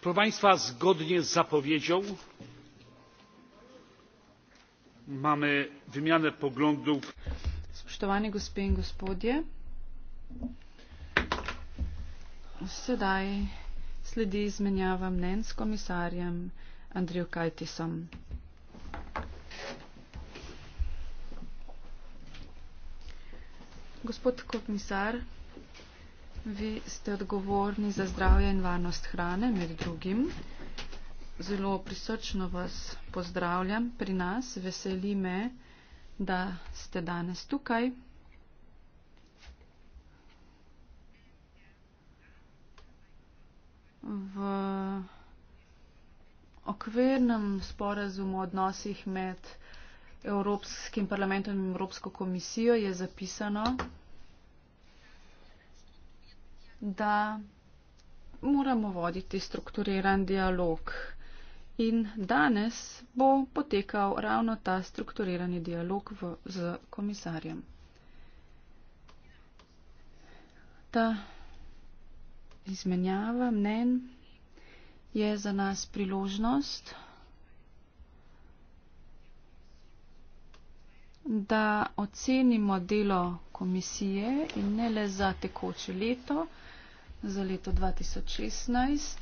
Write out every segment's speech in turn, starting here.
proszę państwa zgodnie z zapowiedzią mamy wymianę poglądów sedaj sledi izmenjava mnenj s komisarjem Andrijo Kajtisom. Gospod komisar, Vi ste odgovorni za zdravje in varnost hrane, med drugim. Zelo prisrčno vas pozdravljam pri nas. Veseli me, da ste danes tukaj. V okvirnem sporazumu o odnosih med Evropskim parlamentom in Evropsko komisijo je zapisano, da moramo voditi strukturiran dialog. In danes bo potekal ravno ta strukturirani dialog v, z komisarjem. Ta izmenjava mnen je za nas priložnost, da ocenimo delo komisije in ne le za tekoče leto, za leto 2016.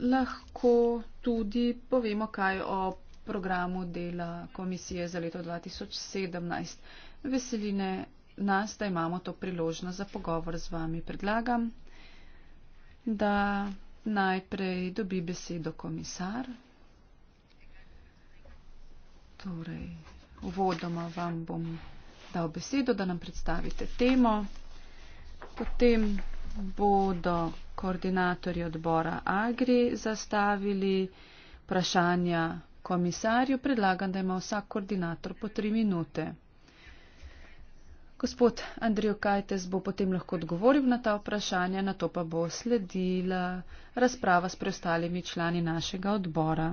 Lahko tudi povemo kaj o programu dela komisije za leto 2017. Veseline nas, da imamo to priložnost za pogovor z vami. Predlagam, da najprej dobi besedo komisar. Torej, uvodoma vam bom dal besedo, da nam predstavite temo. Potem bodo koordinatorji odbora Agri zastavili vprašanja komisarju. Predlagam, da ima vsak koordinator po tri minute. Gospod Andrijo Kajtes bo potem lahko odgovoril na ta vprašanja, na to pa bo sledila razprava s preostalimi člani našega odbora.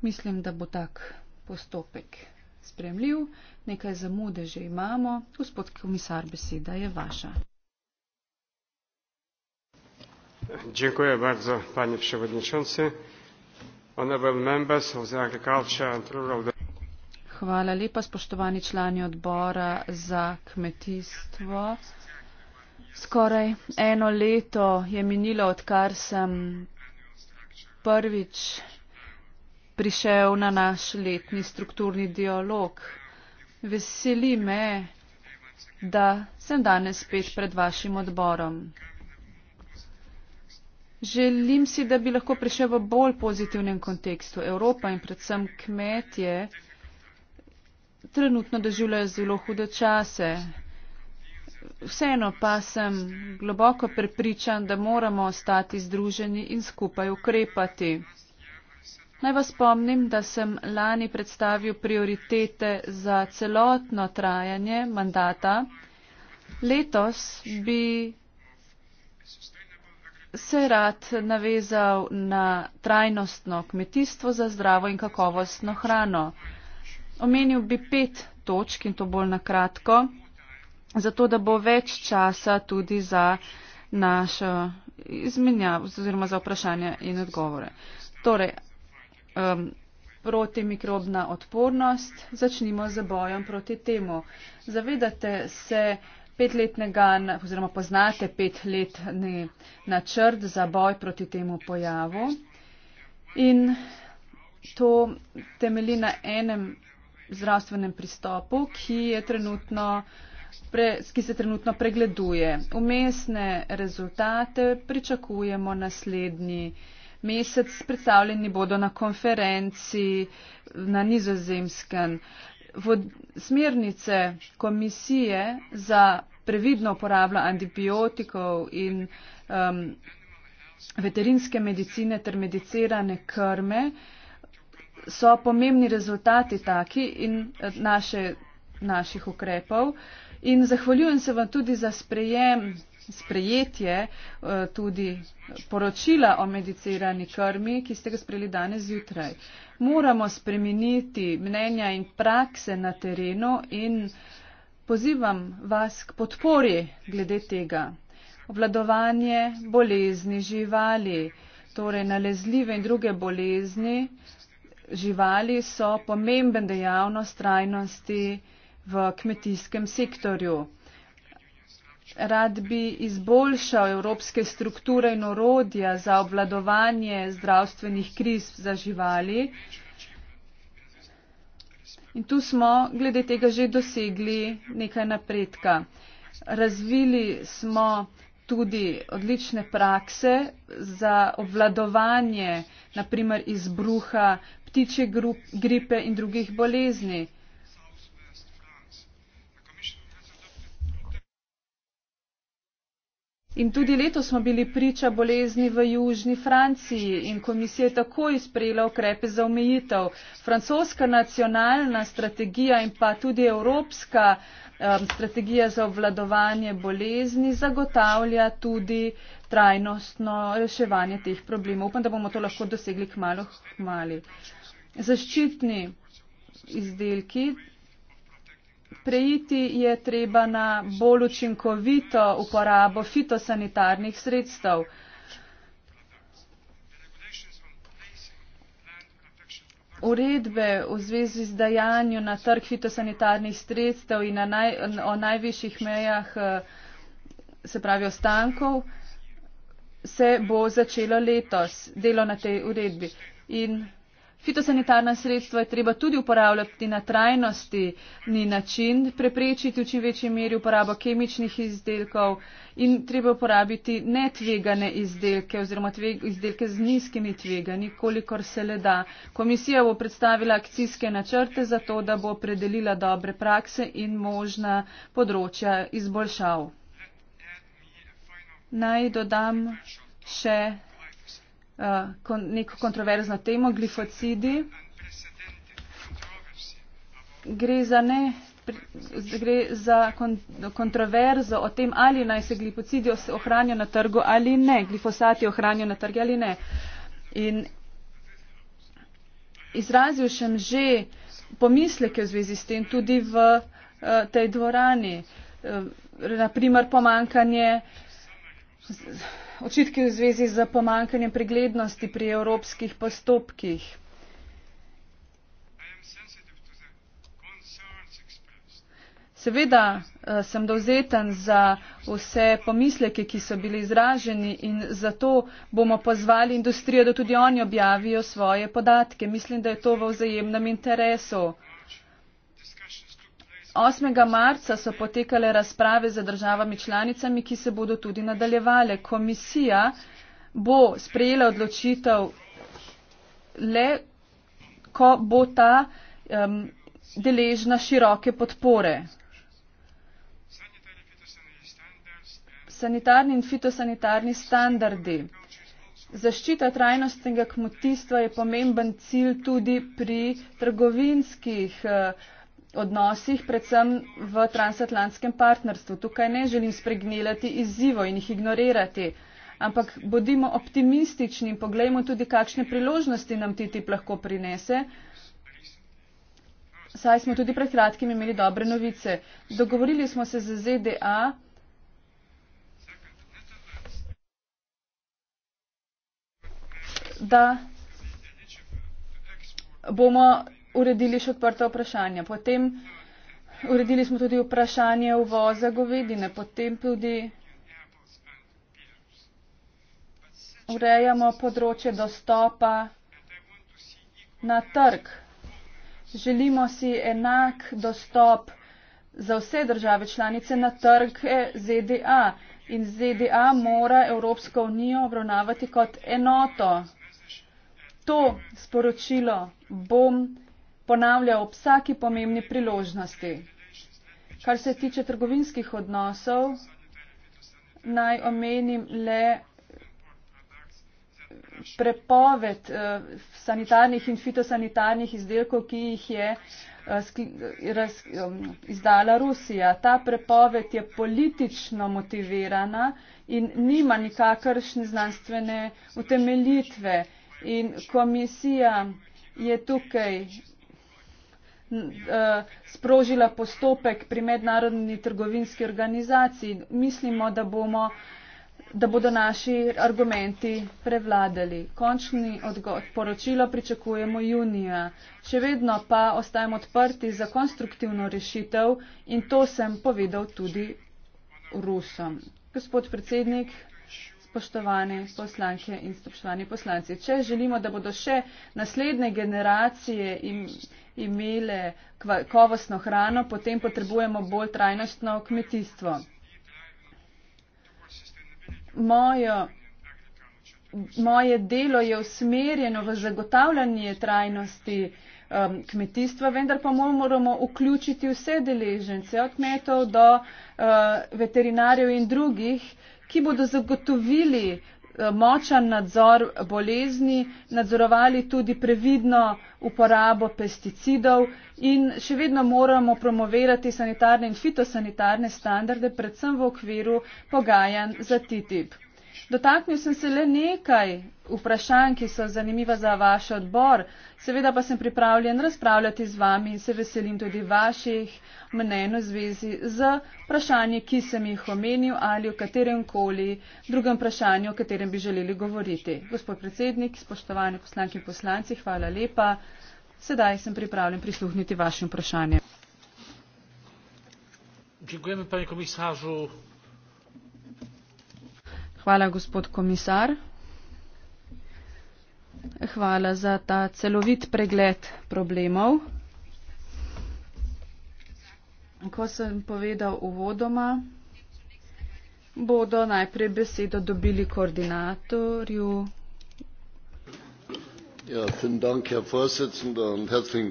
Mislim, da bo tak postopek spremljiv, nekaj zamude že imamo. Gospod komisar, beseda je vaša. Dziękuję bardzo panie przewodniczący. Honorable members of the agriculture and rural Hvala lepa, spoštovani člani odbora za kmetijstvo. Skoraj eno leto je minilo, odkar sem prvič prišel na naš letni strukturni dialog. Veseli me, da sem danes spet pred vašim odborom. Želim si, da bi lahko prišel v bolj pozitivnem kontekstu. Evropa in predvsem kmetje trenutno doživljajo zelo hude čase. Vseeno pa sem globoko prepričan, da moramo ostati združeni in skupaj ukrepati. Naj vas spomnim, da sem lani predstavil prioritete za celotno trajanje mandata. Letos bi se rad navezal na trajnostno kmetijstvo za zdravo in kakovostno hrano. Omenil bi pet točk in to bolj na kratko, zato da bo več časa tudi za našo izmenjavo oziroma za vprašanja in odgovore. Torej, um, protimikrobna odpornost, začnimo z bojem proti temu. Zavedate se petletnega oziroma poznate petletni načrt za boj proti temu pojavu in to temeli na enem zdravstvenem pristopu, ki, trenutno pre, ki se trenutno pregleduje. Umestne rezultate pričakujemo naslednji mesec predstavljeni bodo na konferenci na nizozemskem. Vod smernice komisije za previdno uporabljo antibiotikov in um, veterinske medicine ter medicirane krme so pomembni rezultati taki in eh, naše, naših ukrepov. In zahvaljujem se vam tudi za sprejem sprejetje eh, tudi poročila o medicirani krmi, ki ste ga sprejeli danes zjutraj. Moramo spremeniti mnenja in prakse na terenu in pozivam vas k podpori glede tega. Obladovanje bolezni živali, torej nalezljive in druge bolezni živali so pomemben dejavnost trajnosti v kmetijskem sektorju. Rad bi izboljšal evropske strukture in orodja za obvladovanje zdravstvenih kriz za živali. In tu smo glede tega že dosegli nekaj napredka. Razvili smo tudi odlične prakse za obvladovanje, naprimer izbruha ptiče gripe in drugih bolezni. In tudi letos smo bili priča bolezni v južni Franciji in komisija je takoj sprejela ukrepe za omejitev. Francoska nacionalna strategija in pa tudi evropska um, strategija za obvladovanje bolezni zagotavlja tudi trajnostno reševanje teh problemov. Upam, da bomo to lahko dosegli k malo k mali. Zaščitni izdelki preiti je treba na bolj učinkovito uporabo fitosanitarnih sredstev. Uredbe v zvezi z dajanju na trg fitosanitarnih sredstev in na naj, o najvišjih mejah, eh, se pravi ostankov, se bo začelo letos delo na tej uredbi. In Fitosanitarna sredstva je treba tudi uporabljati na trajnosti ni način, preprečiti v čim večji meri uporabo kemičnih izdelkov in treba uporabiti netvegane izdelke oziroma izdelke z nizkimi tveganji, kolikor se le da. Komisija bo predstavila akcijske načrte za to, da bo predelila dobre prakse in možna področja izboljšav. Naj dodam še Eh, kon, neko kontroverzno temo, glifocidi. Gre za, ne, gre za kontroverzo o tem, ali naj se glifocidi ohranijo na trgu ali ne, glifosati ohranijo na trgu ali ne. In izrazil sem že pomisleke v zvezi s tem tudi v eh, tej dvorani. Eh, Naprimer, pomankanje očitki v zvezi z pomankanjem preglednosti pri evropskih postopkih. Seveda eh, sem dovzeten za vse pomisleke, ki so bili izraženi in zato bomo pozvali industrijo, da tudi oni objavijo svoje podatke. Mislim, da je to v vzajemnem interesu. 8. marca so potekale razprave za državami članicami, ki se bodo tudi nadaljevale. Komisija bo sprejela odločitev le, ko bo ta um, deležna široke podpore. Sanitarni in fitosanitarni standardi. Zaščita trajnostnega kmetijstva je pomemben cilj tudi pri trgovinskih uh, odnosih, predvsem v transatlantskem partnerstvu. Tukaj ne želim spregnilati izzivo in jih ignorirati, ampak bodimo optimistični in poglejmo tudi, kakšne priložnosti nam TTIP lahko prinese. Saj smo tudi pred kratkim imeli dobre novice. Dogovorili smo se z ZDA. da bomo uredili še odprta vprašanja. Potem uredili smo tudi vprašanje uvoza govedine, potem tudi urejamo področje dostopa na trg. Želimo si enak dostop za vse države članice na trg ZDA in ZDA mora Evropsko unijo obravnavati kot enoto. To sporočilo bom ponavlja ob vsaki pomembni priložnosti. Kar se tiče trgovinskih odnosov, naj omenim le prepoved eh, sanitarnih in fitosanitarnih izdelkov, ki jih je eh, um, izdala Rusija. Ta prepoved je politično motivirana in nima nikakršne znanstvene utemeljitve. In komisija je tukaj Eh, sprožila postopek pri mednarodni trgovinski organizaciji. Mislimo, da, bomo, da bodo naši argumenti prevladali. Končni odgovor, poročilo pričakujemo junija. Še vedno pa ostajamo odprti za konstruktivno rešitev in to sem povedal tudi Rusom. Gospod predsednik, spoštovane poslanke in spoštovani poslanci, če želimo, da bodo še naslednje generacije in imele kakovostno hrano, potem potrebujemo bolj trajnostno kmetijstvo. Mojo, moje delo je usmerjeno v zagotavljanje trajnosti um, kmetijstva, vendar pa moramo vključiti vse deležence, od kmetov do uh, veterinarjev in drugih, ki bodo zagotovili Eh, močan nadzor bolezni, nadzorovali tudi previdno uporabo pesticidov in še vedno moramo promovirati sanitarne in fitosanitarne standarde, predvsem v okviru pogajanj za TTIP. Dotaknil sem se le nekaj vprašanj, ki so zanimiva za vaš odbor. Seveda pa sem pripravljen razpravljati z vami in se veselim tudi vaših mnen v zvezi z vprašanji, ki sem jih omenil ali o katerem koli drugem vprašanju, o katerem bi želeli govoriti. Gospod predsednik, spoštovani poslanki in poslanci, hvala lepa. Sedaj sem pripravljen prisluhniti vašim vprašanjem. Dziękujemy panie komisarzu. Hvala, gospod komisar. Hvala za ta celovit pregled problemov. Ko sem povedal uvodoma, bodo najprej besedo dobili koordinatorju. Ja, dank,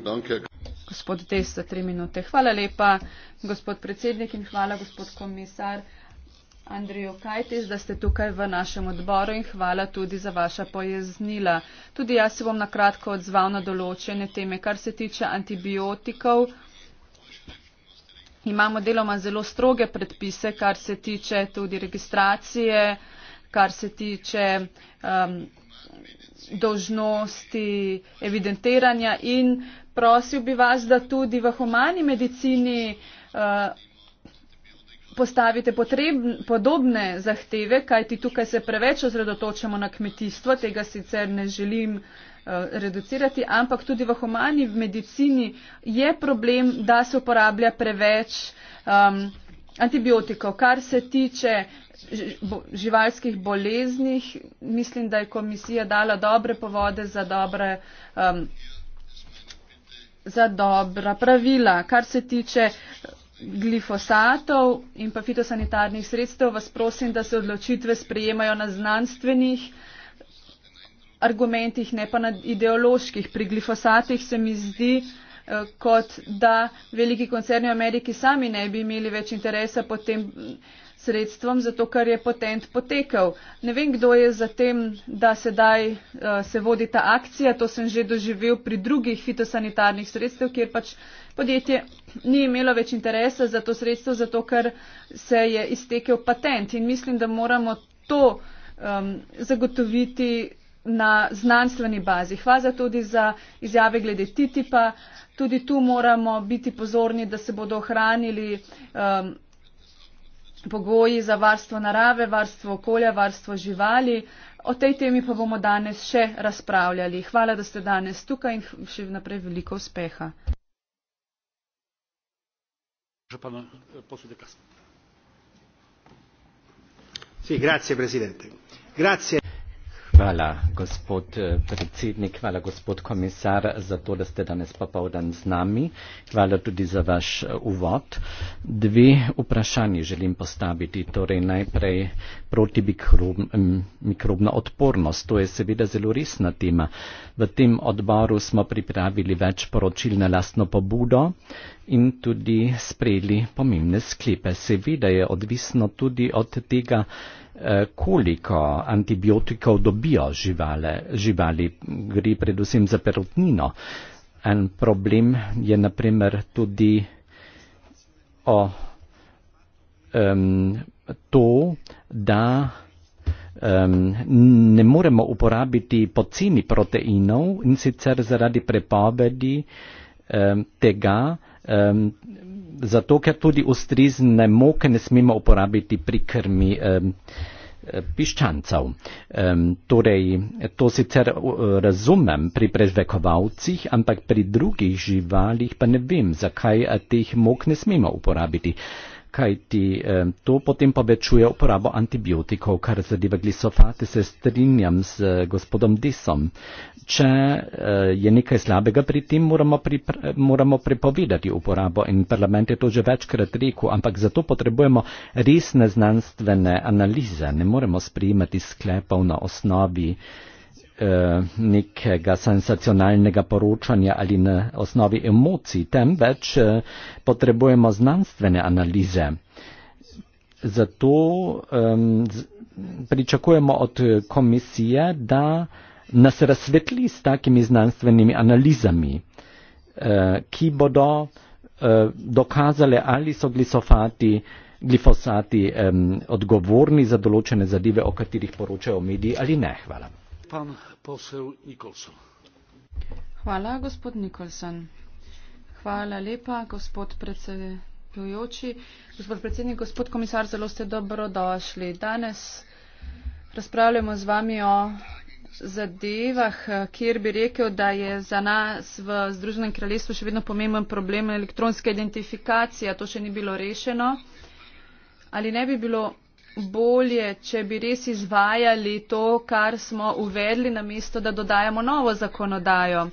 dank, gospod Desta, tri minute. Hvala lepa, gospod predsednik in hvala, gospod komisar. Andreju Kajtis, da ste tukaj v našem odboru in hvala tudi za vaša pojasnila. Tudi jaz se bom nakratko odzval na določene teme. Kar se tiče antibiotikov, imamo deloma zelo stroge predpise, kar se tiče tudi registracije, kar se tiče um, dožnosti evidentiranja in prosil bi vas, da tudi v humani medicini uh, postavite potrebne, podobne zahteve, kajti tukaj se preveč ozredotočamo na kmetijstvo, tega sicer ne želim eh, reducirati, ampak tudi v humani v medicini je problem, da se uporablja preveč um, antibiotikov. Kar se tiče živalskih bolezni, mislim, da je komisija dala dobre povode za, dobre, um, za dobra pravila. Kar se tiče glifosatov in pa fitosanitarnih sredstev, vas prosim, da se odločitve sprejemajo na znanstvenih argumentih, ne pa na ideoloških. Pri glifosatih se mi zdi, eh, kot da veliki koncerni v Ameriki sami ne bi imeli več interesa potem sredstvom, zato ker je patent potekel. Ne vem, kdo je za tem, da sedaj uh, se vodi ta akcija, to sem že doživel pri drugih fitosanitarnih sredstev, kjer pač podjetje ni imelo več interesa za to sredstvo, zato ker se je iztekel patent. In mislim, da moramo to um, zagotoviti na znanstveni bazi. Hvala tudi za izjave glede TTIP-a. Tudi tu moramo biti pozorni, da se bodo ohranili um, pogoji za varstvo narave, varstvo okolja, varstvo živali. O tej temi pa bomo danes še razpravljali. Hvala, da ste danes tukaj in še naprej veliko uspeha. Eh, grazie, Hvala, gospod eh, predsednik, hvala, gospod komisar, za to, da ste danes popovdan z nami. Hvala tudi za vaš eh, uvod. Dve vprašanje želim postaviti. Torej najprej proti mikrobno odpornost. To je seveda zelo resna tema. V tem odboru smo pripravili več poročil na lastno pobudo in tudi sprejeli pomembne sklepe. Seveda je odvisno tudi od tega, eh, koliko antibiotikov dobijo živale, živali, gre predvsem za perutnino. En problem je naprimer tudi o um, to, da um, ne moremo uporabiti poceni proteinov in sicer zaradi prepovedi um, tega, um, zato ker tudi ustrizne moke ne smemo uporabiti pri krmi um, piščancev. Um, torej, to sicer razumem pri prežvekovalcih, ampak pri drugih živalih pa ne vem, zakaj eh, teh mok ne smemo uporabiti. Uh, kajti to potem povečuje uporabo antibiotikov, kar zadeva glisofate, se strinjam z eh, gospodom Disom. Če eh, je nekaj slabega pri tem, moramo, pripre, moramo prepovedati uporabo in parlament je to že večkrat rekel, ampak zato potrebujemo resne znanstvene analize. Ne moremo sprejemati sklepov na osnovi. Eh, nekega sensacionalnega poročanja ali na osnovi emocij, temveč eh, potrebujemo znanstvene analize. Zato um, pričakujemo od komisije, da nas razsvetli s takimi znanstvenimi analizami, uh, ki bodo uh, dokazale, ali so glifosati, glifosati um, odgovorni za določene zadeve, o katerih poročajo mediji ali ne. Hvala. Hvala, gospod Nikolson. Hvala lepa, gospod predsedujoči. Gospod predsednik, gospod komisar, zelo ste dobrodošli. Danes razpravljamo z vami o zadevah, kjer bi rekel, da je za nas v Združenem kraljestvu še vedno pomemben problem elektronska identifikacija. To še ni bilo rešeno. Ali ne bi bilo bolje, če bi res izvajali to, kar smo uvedli, namesto da dodajamo novo zakonodajo.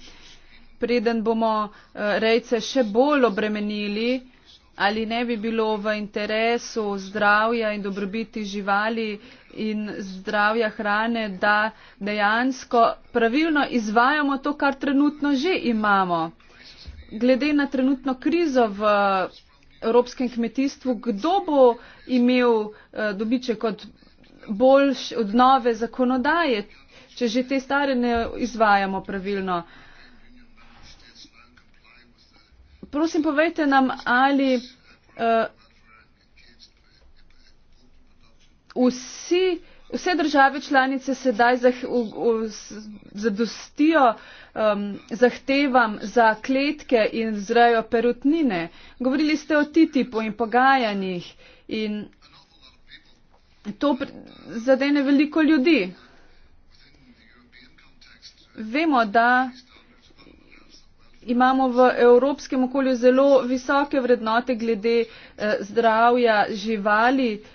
Preden bomo eh, rejce še bolj obremenili, ali ne bi bilo v interesu zdravja in dobrobiti živali in zdravja hrane, da dejansko pravilno izvajamo to, kar trenutno že imamo. Glede na trenutno krizo v evropskem kmetijstvu, kdo bo imel eh, dobiček od boljš, od nove zakonodaje, če že te stare ne izvajamo pravilno. Prosim, povejte nam, ali uh, vsi Vse države članice sedaj zadostijo um, zahtevam za kletke in zrajo perutnine. Govorili ste o TTIP-u in pogajanjih in to zadene veliko ljudi. Vemo, da imamo v evropskem okolju zelo visoke vrednote glede eh, zdravja živali. Eh,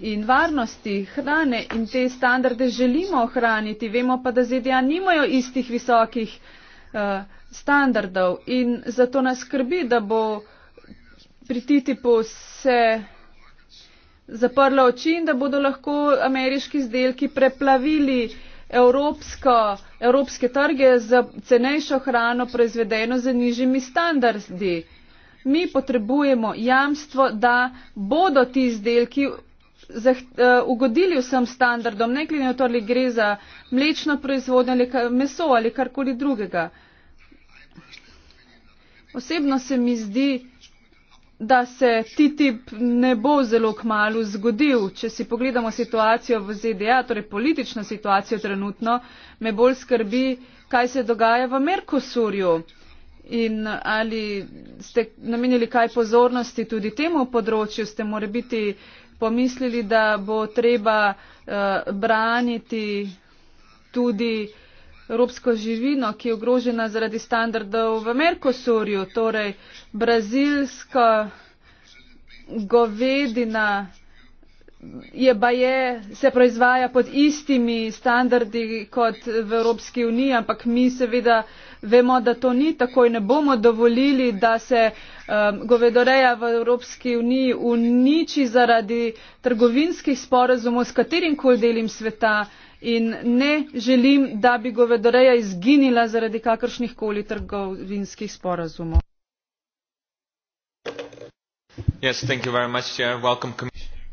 in varnosti hrane in te standarde želimo ohraniti, vemo pa, da ZDA nimajo istih visokih eh, standardov in zato nas skrbi, da bo pri TTIP-u se zaprlo oči in da bodo lahko ameriški izdelki preplavili evropsko, evropske trge za cenejšo hrano proizvedeno za nižjimi standardi mi potrebujemo jamstvo, da bodo ti izdelki eh, ugodili vsem standardom, ne glede na to, ali gre za mlečno proizvodnjo ali meso ali karkoli drugega. Osebno se mi zdi, da se TTIP ne bo zelo kmalo zgodil. Če si pogledamo situacijo v ZDA, torej politično situacijo trenutno, me bolj skrbi, kaj se dogaja v Merkosurju in ali ste namenili kaj pozornosti tudi temu področju, ste morebiti pomislili, da bo treba uh, braniti tudi evropsko živino, ki je ogrožena zaradi standardov v Merkosurju, torej brazilska govedina je pa je, se proizvaja pod istimi standardi kot v Evropski uniji, ampak mi seveda uh, Vemo, da to ni tako in ne bomo dovolili, da se um, govedoreja v Evropski uniji uniči zaradi trgovinskih sporazumov s katerim koli delim sveta in ne želim, da bi govedoreja izginila zaradi kakršnih koli trgovinskih sporazumov. Yes,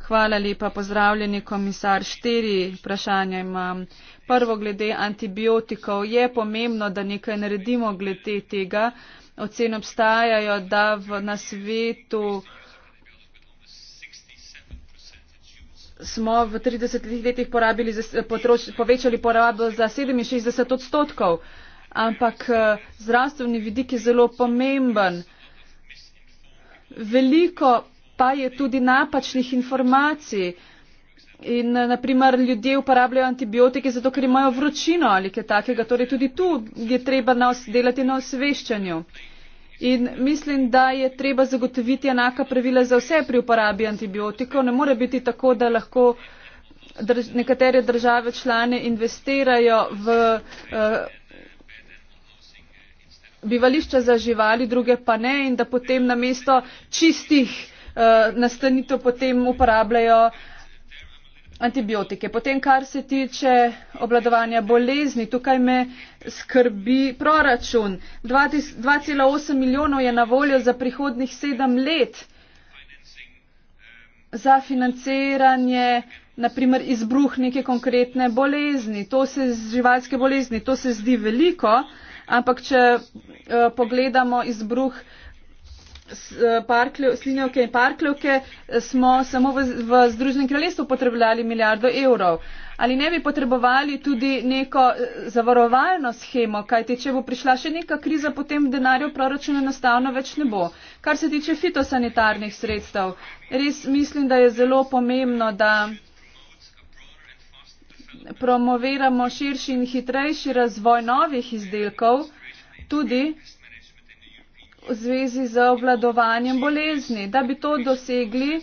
Hvala lepa, pozdravljeni komisar. Štiri vprašanja imam. Prvo glede antibiotikov. Je pomembno, da nekaj naredimo glede tega. Ocen obstajajo, da v, na svetu smo v 30 letih porabili, potroč, povečali porabo za 67 odstotkov. Ampak eh, zdravstveni vidik je zelo pomemben. Veliko pa je tudi napačnih informacij. In eh, naprimer ljudje uporabljajo antibiotike zato, ker imajo vročino ali kaj takega. Torej tudi tu je treba na os, delati na osveščanju. In mislim, da je treba zagotoviti enaka pravila za vse pri uporabi antibiotikov. Ne more biti tako, da lahko drž, nekatere države člane investirajo v uh, bivališča za živali, druge pa ne in da potem na mesto čistih. Uh, Eh, nastanitev potem uporabljajo antibiotike. Potem, kar se tiče obladovanja bolezni, tukaj me skrbi proračun. 2,8 milijonov je na voljo za prihodnih sedem let za financiranje naprimer izbruh neke konkretne bolezni, to se živalske bolezni, to se zdi veliko, ampak če uh, pogledamo izbruh uh, Eh, slinjevke in parkljevke eh, smo samo v, v Združenem kraljestvu potrebovali milijardo evrov. Ali ne bi potrebovali tudi neko eh, zavarovalno schemo, kajti če bo prišla še neka kriza, potem denarja v proračunu enostavno več ne bo. Kar se tiče fitosanitarnih sredstev, res mislim, da je zelo pomembno, da promoviramo širši in hitrejši razvoj novih izdelkov, tudi v zvezi z obladovanjem bolezni. Da bi to dosegli,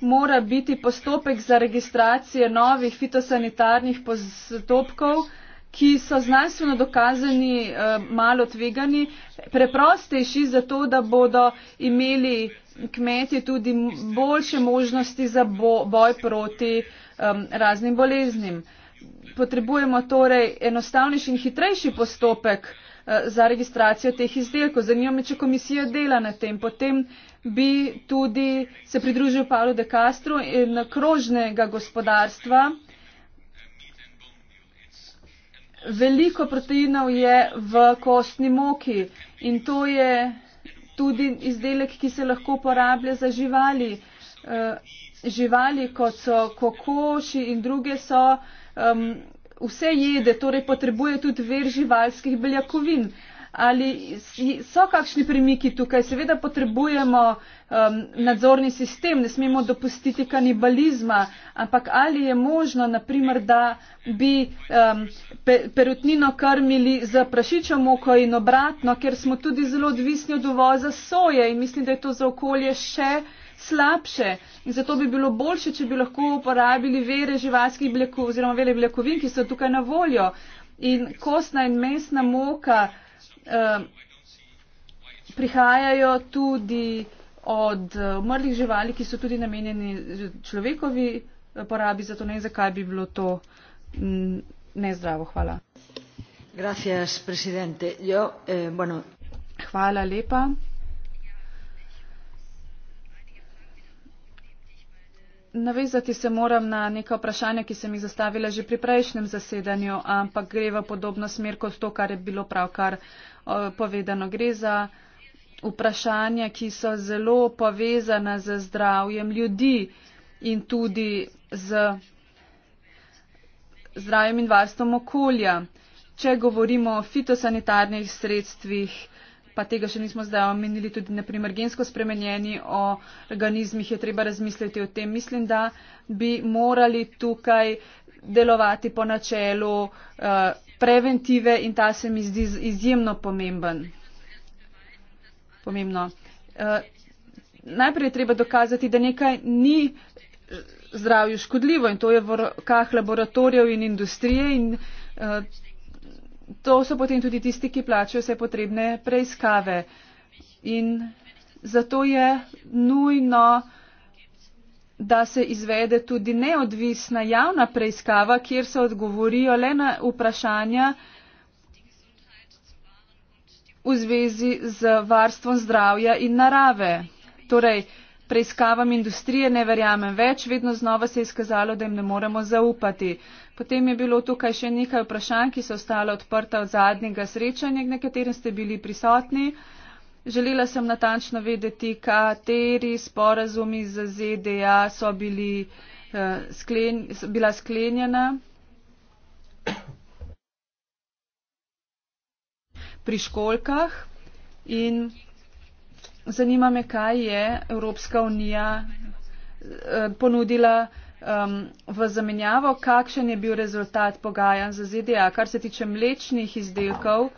mora biti postopek za registracije novih fitosanitarnih postopkov, ki so znanstveno dokazani eh, malo tvegani, preprostejši zato, da bodo imeli kmeti tudi boljše možnosti za bo, boj proti um, raznim boleznim. Potrebujemo torej enostavnejši in hitrejši postopek uh, Eh, za registracijo teh izdelkov. Zanima me, če komisija dela na tem. Potem bi tudi se pridružil Pavlu de Castro in krožnega gospodarstva. Veliko proteinov je v kostni moki in to je tudi izdelek, ki se lahko uporablja za živali. Eh, živali, kot so kokoši in druge, so um, vse jede, torej potrebuje tudi ver živalskih beljakovin. Ali so kakšni premiki tukaj? Seveda potrebujemo um, nadzorni sistem, ne smemo dopustiti kanibalizma, ampak ali je možno, naprimer, da bi um, pe, perutnino krmili za prašičo moko in obratno, ker smo tudi zelo odvisni od uvoza soje in mislim, da je to za okolje še slabše. In zato bi bilo boljše, če bi lahko uporabili vere živalskih bleku, bljekovin, ki so tukaj na voljo. In kostna in mesna moka eh, prihajajo tudi od eh, mrlih živali, ki so tudi namenjeni človekovi eh, porabi, zato ne vem, zakaj bi bilo to mm, nezdravo. Hvala. Gracias, Yo, eh, bueno. Hvala lepa. Navezati se moram na neka vprašanja, ki sem jih zastavila že pri prejšnjem zasedanju, ampak gre v podobno smer kot to, kar je bilo pravkar povedano. Gre za vprašanja, ki so zelo povezana z zdravjem ljudi in tudi z zdravjem in varstvom okolja. Če govorimo o fitosanitarnih sredstvih, pa tega še nismo zdaj omenili, tudi naprimer gensko spremenjeni o organizmih je treba razmisliti o tem. Mislim, da bi morali tukaj delovati po načelu uh, preventive in ta se mi zdi izjemno pomemben. Pomembno. Uh, najprej je treba dokazati, da nekaj ni zdravju škodljivo in to je v rokah laboratorijev in industrije in uh, to so potem tudi tisti, ki plačajo vse potrebne preiskave. In zato je nujno, da se izvede tudi neodvisna javna preiskava, kjer se odgovorijo le na vprašanja v zvezi z varstvom zdravja in narave. Torej, preiskavam industrije ne verjamem več, vedno znova se je izkazalo, da jim ne moremo zaupati. Potem je bilo tukaj še nekaj vprašanj, ki so ostala odprta od zadnjega srečanja, na katerem ste bili prisotni. Želela sem natančno vedeti, kateri sporazumi z ZDA so bili uh, sklen, bila sklenjena. Pri školkah in Zanima me, kaj je Evropska unija eh, ponudila um, v zamenjavo, kakšen je bil rezultat pogajanj za ZDA, kar se tiče mlečnih izdelkov.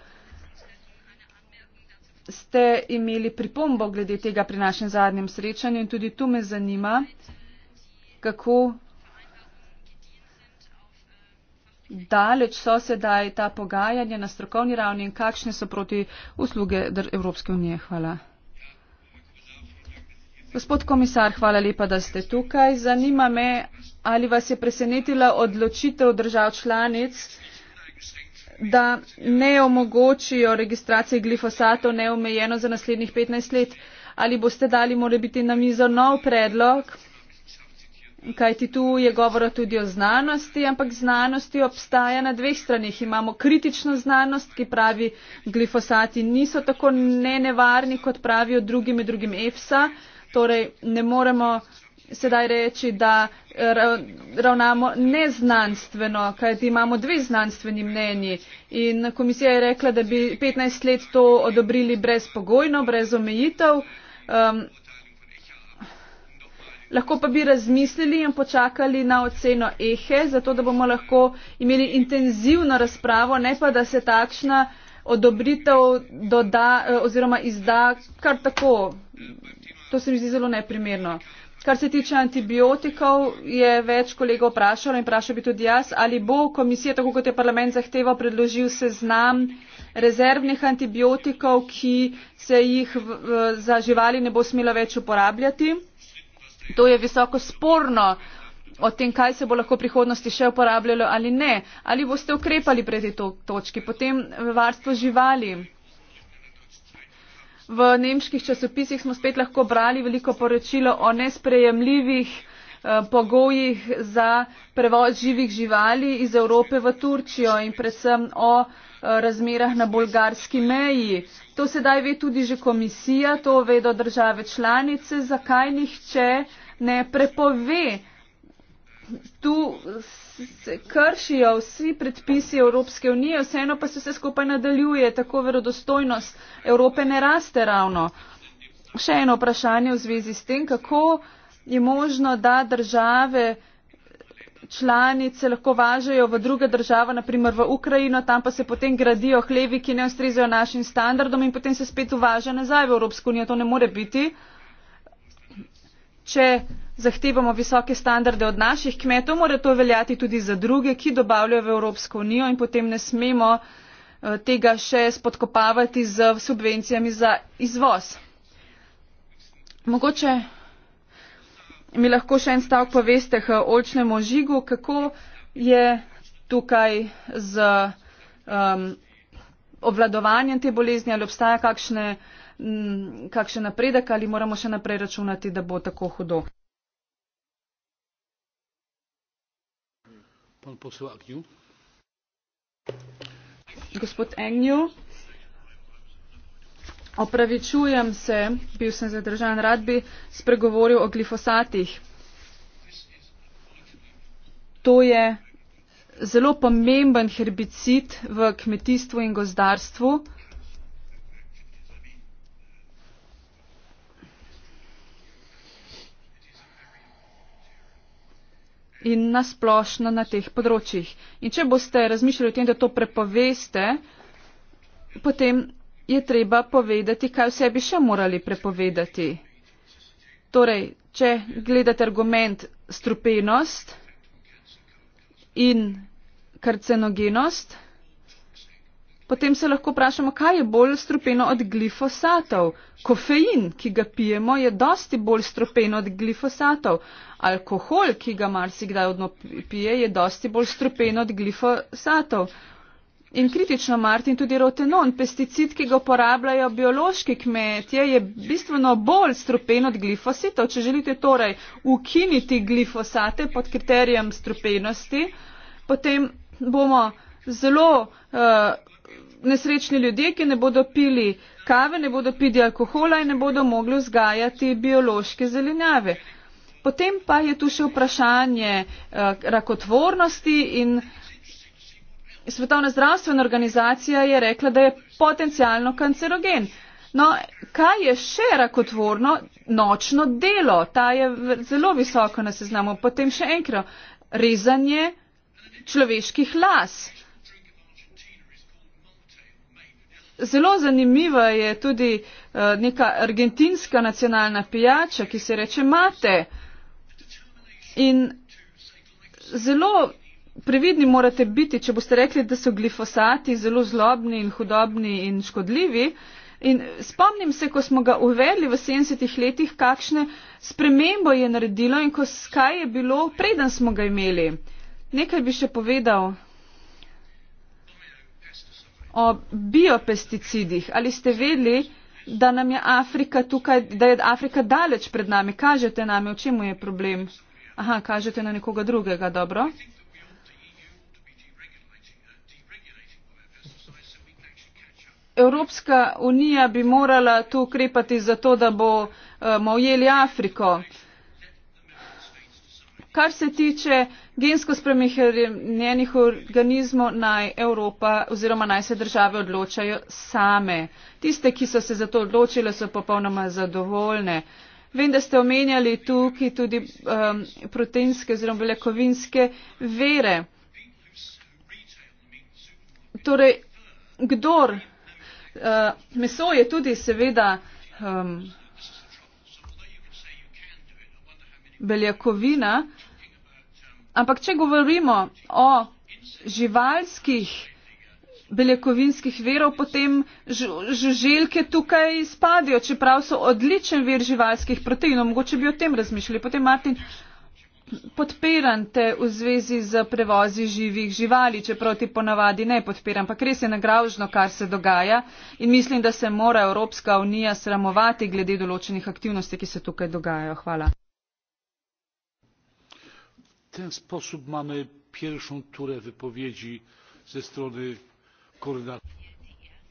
Ste imeli pripombo glede tega pri našem zadnjem srečanju in tudi tu me zanima, kako daleč so sedaj ta pogajanja na strokovni ravni in kakšne so proti usluge Evropske unije. Hvala. Gospod komisar, hvala lepa, da ste tukaj. Zanima me, ali vas je presenetila odločitev držav članic, da ne omogočijo registracije glifosatov neomejeno za naslednjih 15 let. Ali boste dali more biti na mizo nov predlog, kajti tu je govora tudi o znanosti, ampak znanosti obstaja na dveh stranih. Imamo kritično znanost, ki pravi, glifosati niso tako nenevarni, kot pravijo drugimi drugim EFSA. Torej, ne moremo sedaj reči, da eh, ravnamo neznanstveno, kajti imamo dve znanstveni mnenji. In komisija je rekla, da bi 15 let to odobrili brezpogojno, brez omejitev. Um, lahko pa bi razmislili in počakali na oceno EHE, zato da bomo lahko imeli intenzivno razpravo, ne pa da se takšna odobritev doda eh, oziroma izda kar tako To se mi zdi zelo neprimerno. Kar se tiče antibiotikov, je več kolegov vprašalo in vprašal bi tudi jaz, ali bo komisija, tako kot je parlament zahteval, predložil seznam rezervnih antibiotikov, ki se jih v, v, za živali ne bo smelo več uporabljati. To je visoko sporno o tem, kaj se bo lahko v prihodnosti še uporabljalo ali ne. Ali boste ukrepali pred to točki, potem varstvo živali. V nemških časopisih smo spet lahko brali veliko poročilo o nesprejemljivih eh, pogojih za prevoz živih živali iz Evrope v Turčijo in predvsem o eh, razmerah na bolgarski meji. To sedaj ve tudi že komisija, to vedo države članice, zakaj nihče ne prepove tu se kršijo vsi predpisi Evropske unije, vseeno pa se vse skupaj nadaljuje, tako verodostojnost Evrope ne raste ravno. Še eno vprašanje v zvezi s tem, kako je možno, da države članice lahko važajo v druga država, naprimer v Ukrajino, tam pa se potem gradijo hlevi, ki ne ustrezajo našim standardom in potem se spet uvaža nazaj v Evropsko unijo. To ne more biti. Uh, če zahtevamo visoke standarde od naših kmetov mora to veljati tudi za druge ki dobavljajo v evropsko unijo in potem ne smemo eh, tega še spodkopavati z subvencijami za izvoz. mogoče mi lahko še en stavek poveste k oljčnemu žigu kako je tukaj z um, obvladovanjem te bolezni ali obstaja kakšne uh, Mm, kakšen napredek ali moramo še naprej računati, da bo tako hudo. Gospod Engju, opravičujem se, bil sem zadržan, rad bi spregovoril o glifosatih. To je zelo pomemben herbicid v kmetijstvu in gozdarstvu. in nasplošno na teh področjih. In če boste razmišljali o tem, da to prepoveste, potem je treba povedati, kaj vse bi še morali prepovedati. Torej, če gledate argument strupenost in karcenogenost, Potem se lahko vprašamo, kaj je bolj stropeno od glifosatov. Kofein, ki ga pijemo, je dosti bolj stropeno od glifosatov. Alkohol, ki ga marsikdaj odno pije, je dosti bolj stropeno od glifosatov. In kritično, Martin, tudi rotenon, pesticid, ki ga uporabljajo biološki kmetje, je bistveno bolj stropen od glifosatov. Če želite torej ukiniti glifosate pod kriterijem stropenosti, potem bomo zelo uh, nesrečni ljudje, ki ne bodo pili kave, ne bodo pili alkohola in ne bodo mogli vzgajati biološke zelenjave. Potem pa je tu še vprašanje eh, rakotvornosti in Svetovna zdravstvena organizacija je rekla, da je potencijalno kancerogen. No, kaj je še rakotvorno? Nočno delo, ta je zelo visoko na seznamu. Potem še enkrat, rezanje človeških las. Zelo zanimiva je tudi eh, neka argentinska nacionalna pijača, ki se reče mate. In zelo previdni morate biti, če boste rekli, da so glifosati zelo zlobni in hudobni in škodljivi. In spomnim se, ko smo ga uvedli v 70-ih letih, kakšne spremembo je naredilo in ko, kaj je bilo, preden smo ga imeli. Nekaj bi še povedal o biopesticidih. Ali ste vedeli, da nam je Afrika tukaj, da je Afrika daleč pred nami? Kažete nam, v čemu je problem? Aha, kažete na nekoga drugega, dobro. Evropska unija bi morala tu ukrepati zato, da bomo eh, ujeli Afriko. Uh, Kar se tiče gensko spremenjenih organizmov, naj Evropa oziroma naj se države odločajo same. Tiste, ki so se za to odločile, so popolnoma zadovoljne. Vem, da ste omenjali tukaj tudi um, proteinske oziroma beljakovinske vere. Torej, kdor uh, meso je tudi seveda. Um, beljakovina. Ampak če govorimo o živalskih beljakovinskih verov, potem žuželke tukaj spadijo, čeprav so odličen vir živalskih proteinov. Mogoče bi o tem razmišljali. Potem, Martin, podpiram te v zvezi z prevozi živih živali, čeprav ti ponavadi ne podpiram. Pa res je nagražno, kar se dogaja in mislim, da se mora Evropska unija sramovati glede določenih aktivnosti, ki se tukaj dogajajo. Hvala ten sposób mamy pierwszą turę wypowiedzi ze strony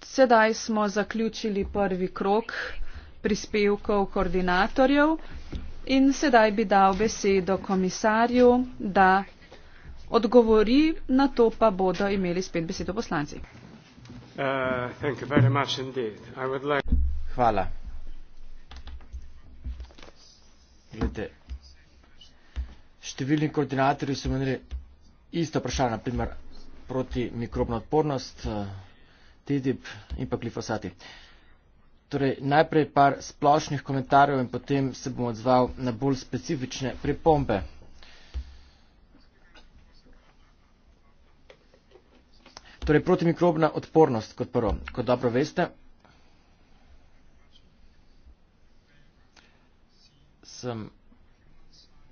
Sedaj smo zaključili prvi krok prispevkov koordinatorjev in sedaj bi dal besedo komisarju, da odgovori, na to pa bodo imeli spet besedo poslanci. Uh, like... Hvala. Glede, številni koordinatorji so menili isto vprašanje, naprimer proti mikrobno odpornost, eh, TTIP in pa glifosati. Torej, najprej par splošnih komentarjev in potem se bom odzval na bolj specifične pripombe. Torej, protimikrobna odpornost, kot prvo, kot dobro veste, sem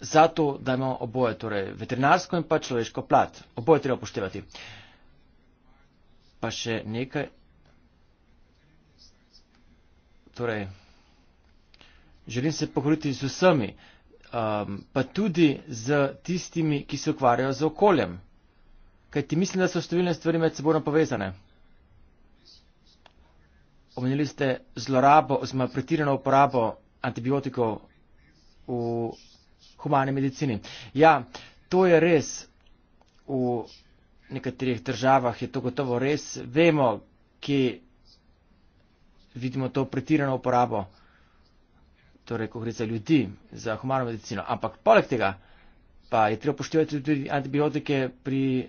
zato, da imamo oboje, torej veterinarsko in pa človeško plat. Oboje treba upoštevati. Pa še nekaj. Torej, želim se pogovoriti z vsemi, um, pa tudi z tistimi, ki se ukvarjajo z okoljem. Kaj ti mislim, da so številne stvari med seboj povezane? Omenili ste zlorabo oziroma pretirano uporabo antibiotikov v humane medicini. Ja, to je res. V nekaterih državah je to gotovo res. Vemo, ki vidimo to pretirano uporabo, torej, ko gre za ljudi, za humano medicino. Ampak poleg tega pa je treba poštevati tudi antibiotike pri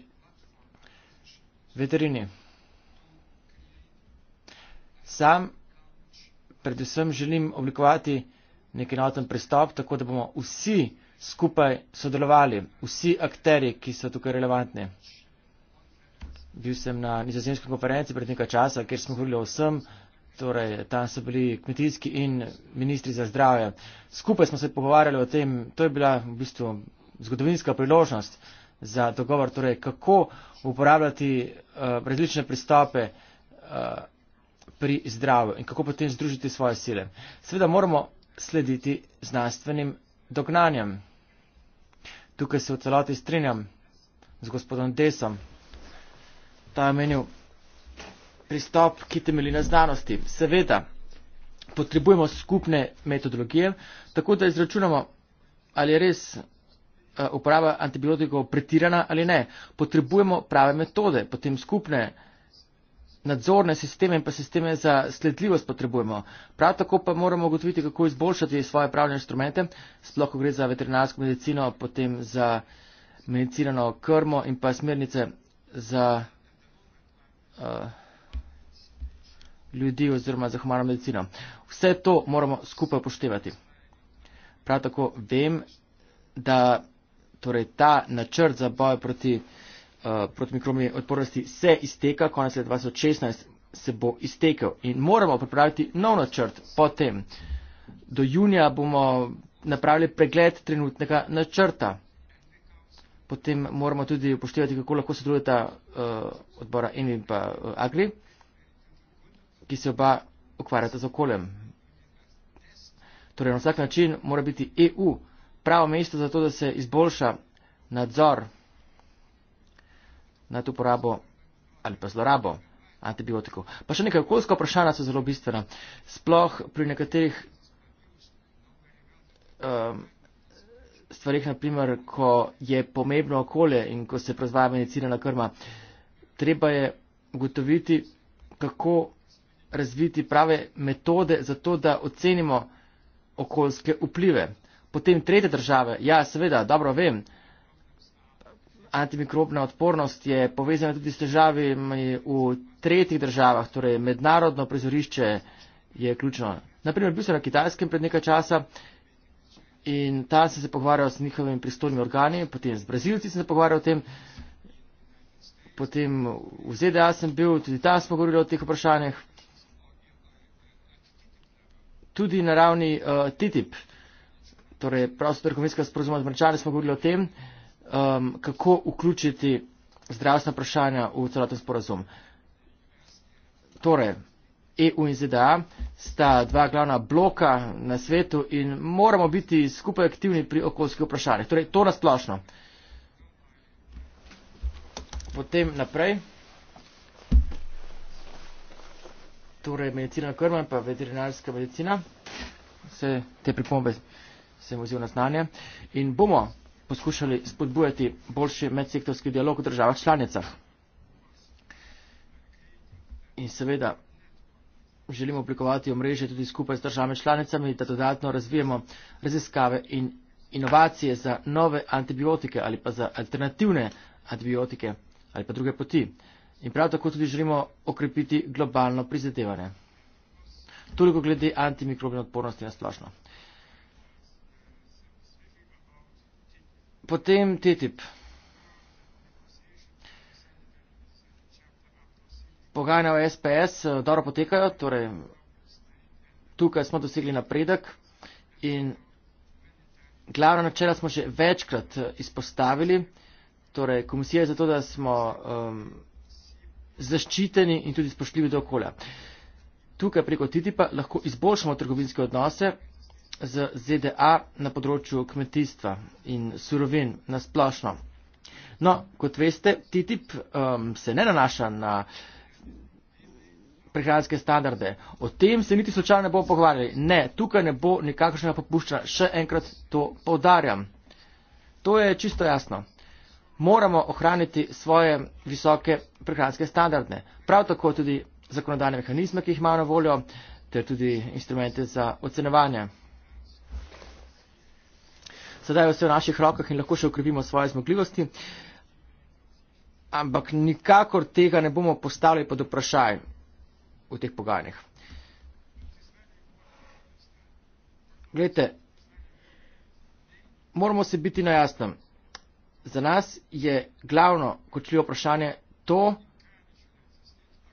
veterini. Sam predvsem želim oblikovati nek enoten pristop, tako da bomo vsi skupaj sodelovali, vsi akteri, ki so tukaj relevantni. Bil sem na nizozemski konferenci pred nekaj časa, kjer smo govorili o vsem, torej tam so bili kmetijski in ministri za zdravje. Skupaj smo se pogovarjali o tem, to je bila v bistvu zgodovinska priložnost za dogovor, torej kako uporabljati uh, različne pristope uh, pri zdravju in kako potem združiti svoje sile. Sveda moramo slediti znanstvenim dognanjem tukaj se v celoti strinjam z gospodom Desom. Ta je menil pristop, ki temelji na znanosti. Seveda, potrebujemo skupne metodologije, tako da izračunamo, ali je res eh, uporaba antibiotikov pretirana ali ne. Potrebujemo prave metode, potem skupne metode nadzorne sisteme in pa sisteme za sledljivost potrebujemo. Prav tako pa moramo ugotoviti, kako izboljšati svoje pravne instrumente, sploh ko gre za veterinarsko medicino, potem za medicinano krmo in pa smernice za uh, ljudi oziroma za humano medicino. Vse to moramo skupaj poštevati. Prav tako vem, da torej ta načrt za boj proti Eh, protimikrobne odpornosti se izteka, konec leta 2016 se bo iztekel in moramo pripraviti nov načrt potem. Do junija bomo napravili pregled trenutnega načrta. Potem moramo tudi upoštevati, kako lahko se drugeta uh, eh, odbora Envi in pa uh, Agri, ki se oba ukvarjata z okoljem. Torej, na vsak način mora biti EU pravo mesto za to, da se izboljša nadzor nad uporabo ali pa zlorabo antibiotikov. Pa še nekaj okoljska vprašanja so zelo bistvena. Sploh pri nekaterih um, stvarih, naprimer, ko je pomembno okolje in ko se proizvaja medicinska krma, treba je ugotoviti, kako razviti prave metode za to, da ocenimo okoljske vplive. Potem tretje države, ja, seveda, dobro vem, antimikrobna odpornost je povezana tudi s težavami v tretjih državah, torej mednarodno prizorišče je ključno. Naprimer, bil sem na kitajskem pred nekaj časa in tam sem se pogovarjal s njihovimi pristojnimi organi, potem z brazilci sem se pogovarjal o tem, potem v ZDA sem bil, tudi tam smo govorili o teh vprašanjih. Tudi na ravni uh, eh, TTIP, torej prostor trgovinskega sporozuma z Američani smo govorili o tem. Uh, um, kako vključiti zdravstvena vprašanja v celoten sporazum. Torej, EU in ZDA sta dva glavna bloka na svetu in moramo biti skupaj aktivni pri okoljskih vprašanjih. Torej, to nasplošno. Potem naprej. Torej, medicina krma in pa veterinarska medicina. Vse te pripombe sem vzel na znanje. In bomo poskušali spodbujati boljši medsektorski dialog v državah članicah. In seveda želimo oblikovati omrežje tudi skupaj z državami članicami, da dodatno razvijemo raziskave in inovacije za nove antibiotike ali pa za alternativne antibiotike ali pa druge poti. In prav tako tudi želimo okrepiti globalno prizadevanje. Toliko glede antimikrobne odpornosti na splošno. potem TTIP. Pogajanja o SPS eh, dobro potekajo, torej tukaj smo dosegli napredek in glavno načela smo že večkrat eh, izpostavili, torej komisija je zato, da smo um, zaščiteni in tudi spoštljivi do okolja. Tukaj preko TTIP-a lahko izboljšamo trgovinske odnose z ZDA na področju kmetijstva in surovin nasplošno. No, kot veste, TTIP um, se ne nanaša na prehranske standarde. O tem se niti slučajno ne bo pogovarjali. Ne, tukaj ne bo nikakršnega popušča. Še enkrat to povdarjam. To je čisto jasno. Moramo ohraniti svoje visoke prehranske standarde. Prav tako tudi zakonodajne mehanizme, ki jih imamo na voljo, ter tudi instrumente za ocenevanje sedaj vse v naših rokah in lahko še ukrepimo svoje zmogljivosti. Ampak nikakor tega ne bomo postavili pod vprašaj v teh pogajanjih. Glejte, moramo se biti na jasnem. Za nas je glavno kočljivo vprašanje to,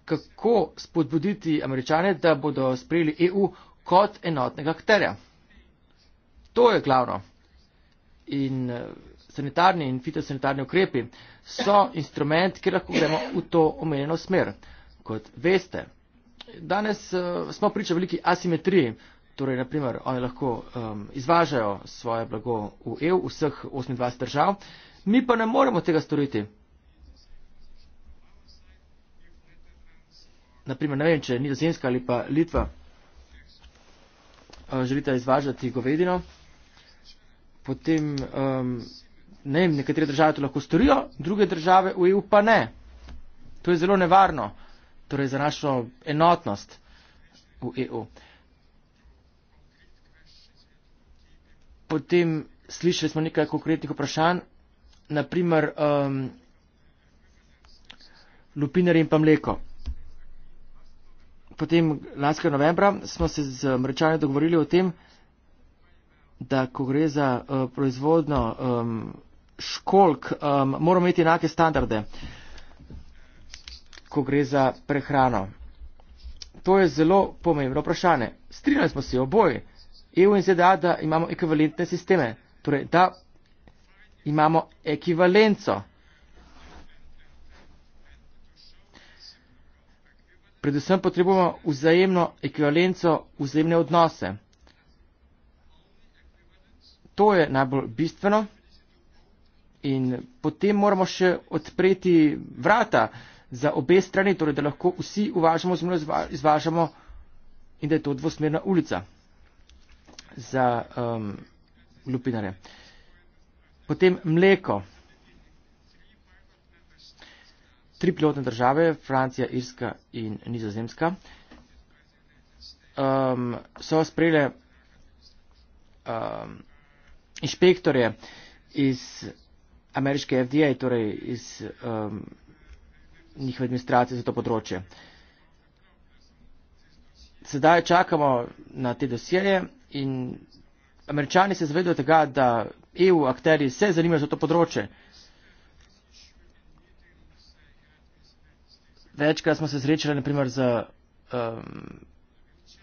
kako spodbuditi američane, da bodo sprejeli EU kot enotnega akterja. To je glavno in eh, sanitarni in fitosanitarni ukrepi so instrument, ki lahko gremo v to omenjeno smer. Kot veste, danes uh, smo priča veliki asimetriji, torej naprimer oni lahko um, izvažajo svoje blago v EU, vseh 28 držav, mi pa ne moremo tega storiti. Naprimer, ne vem, če Nizozemska ali pa Litva uh, eh, želite izvažati govedino potem um, ne vem, nekatere države to lahko storijo, druge države v EU pa ne. To je zelo nevarno, torej za našo enotnost v EU. Potem slišali smo nekaj konkretnih vprašanj, naprimer um, lupinar in pa mleko. Potem lanskega novembra smo se z mrečanjem dogovorili o tem, da ko gre za uh, eh, proizvodno um, školk, um, moramo imeti enake standarde, ko gre za prehrano. To je zelo pomembno vprašanje. Strinjali smo se oboj, EU in ZDA, da imamo ekvivalentne sisteme, torej da imamo ekvivalenco. Predvsem potrebujemo vzajemno ekvivalenco, vzajemne odnose to je najbolj bistveno. In potem moramo še odpreti vrata za obe strani, torej da lahko vsi uvažamo zemljo, izvažamo in da je to dvosmerna ulica za um, lupinare. Potem mleko. Tri pilotne države, Francija, Irska in Nizozemska, um, so sprejele um, inšpektorje iz ameriške FDA, torej iz um, njihove administracije za to področje. Sedaj čakamo na te dosjeje in američani se zavedajo tega, da EU akteri se zanimajo za to področje. Večkrat smo se srečali naprimer z um,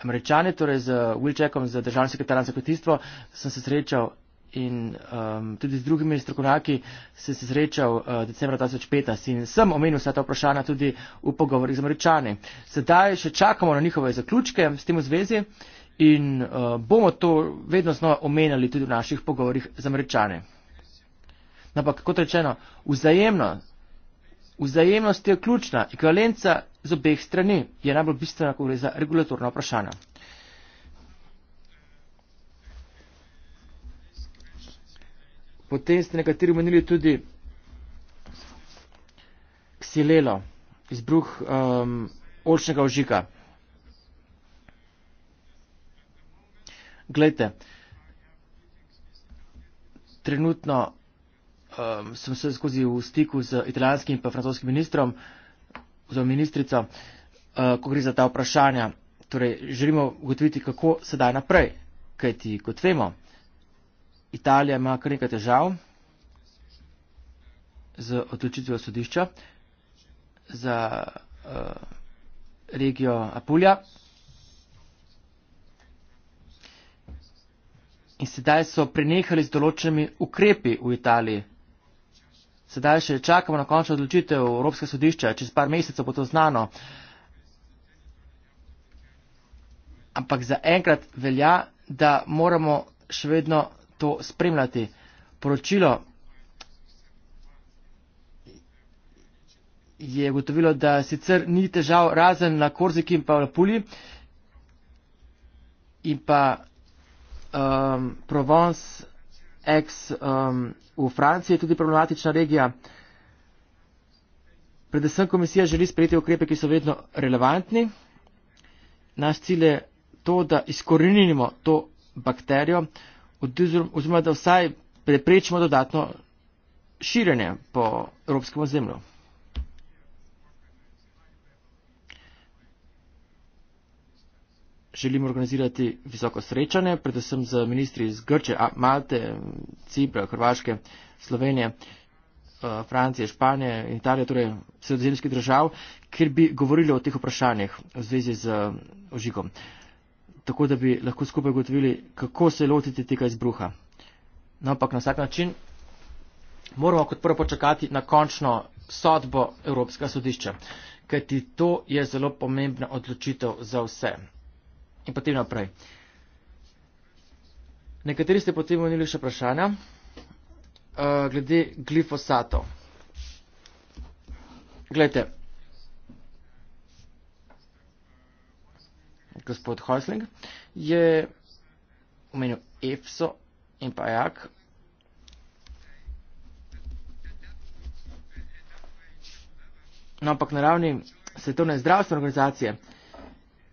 američani, torej z Will Jackom, z državnim sekretarjem za kmetijstvo, sem se srečal in um, tudi z drugimi strokovnjaki sem se srečal uh, decembra 2015 in sem omenil vsa ta vprašanja tudi v pogovorih z američani. Sedaj še čakamo na njihove zaključke s tem v zvezi in uh, bomo to vedno znova omenjali tudi v naših pogovorih z američani. Ampak kot rečeno, vzajemno, vzajemnost je ključna, ekvivalenca z obeh strani je najbolj bistvena, ko gre za regulatorna vprašanja. Potem ste nekateri omenili tudi ksilelo, izbruh um, oljčnega ožika. Glejte, trenutno um, sem se skozi v stiku z italijanskim in pa francoskim ministrom, z ministrico, uh, ko gre za ta vprašanja. Torej, želimo ugotoviti, kako se daje naprej, kajti, kot vemo, Italija ima kar nekaj težav z odločitvijo sodišča za uh, regijo Apulja. In sedaj so prenehali z določenimi ukrepi v Italiji. Sedaj še čakamo na končno odločitev Evropske sodišča, čez par mesecev bo to znano. Ampak zaenkrat velja, da moramo še vedno to spremljati. Poročilo je ugotovilo, da sicer ni težav razen na Korziki in pa v Puli in pa um, Provence ex um, v Franciji, tudi problematična regija. Predvsem komisija želi sprejeti ukrepe, ki so vedno relevantni. Naš cilj je to, da izkoreninimo to bakterijo oziroma da vsaj preprečimo dodatno širjenje po evropskem ozemlju. Želim organizirati visoko srečanje, predvsem z ministri iz Grče, Malte, Cipra, Hrvaške, Slovenije, eh, Francije, Španije in Italije, torej sredozemskih držav, kjer bi govorili o teh vprašanjih v zvezi z ožigom. Uh, tako da bi lahko skupaj gotovili, kako se lotiti tega izbruha. No, ampak na vsak način moramo kot prvo počakati na končno sodbo Evropska sodišča, kajti to je zelo pomembna odločitev za vse. In potem naprej. Nekateri ste potem vnili še vprašanja uh, glede glifosato. Glejte, gospod Hosling, je omenil EFSO in pa JAK. No, ampak na ravni Svetovne zdravstvene organizacije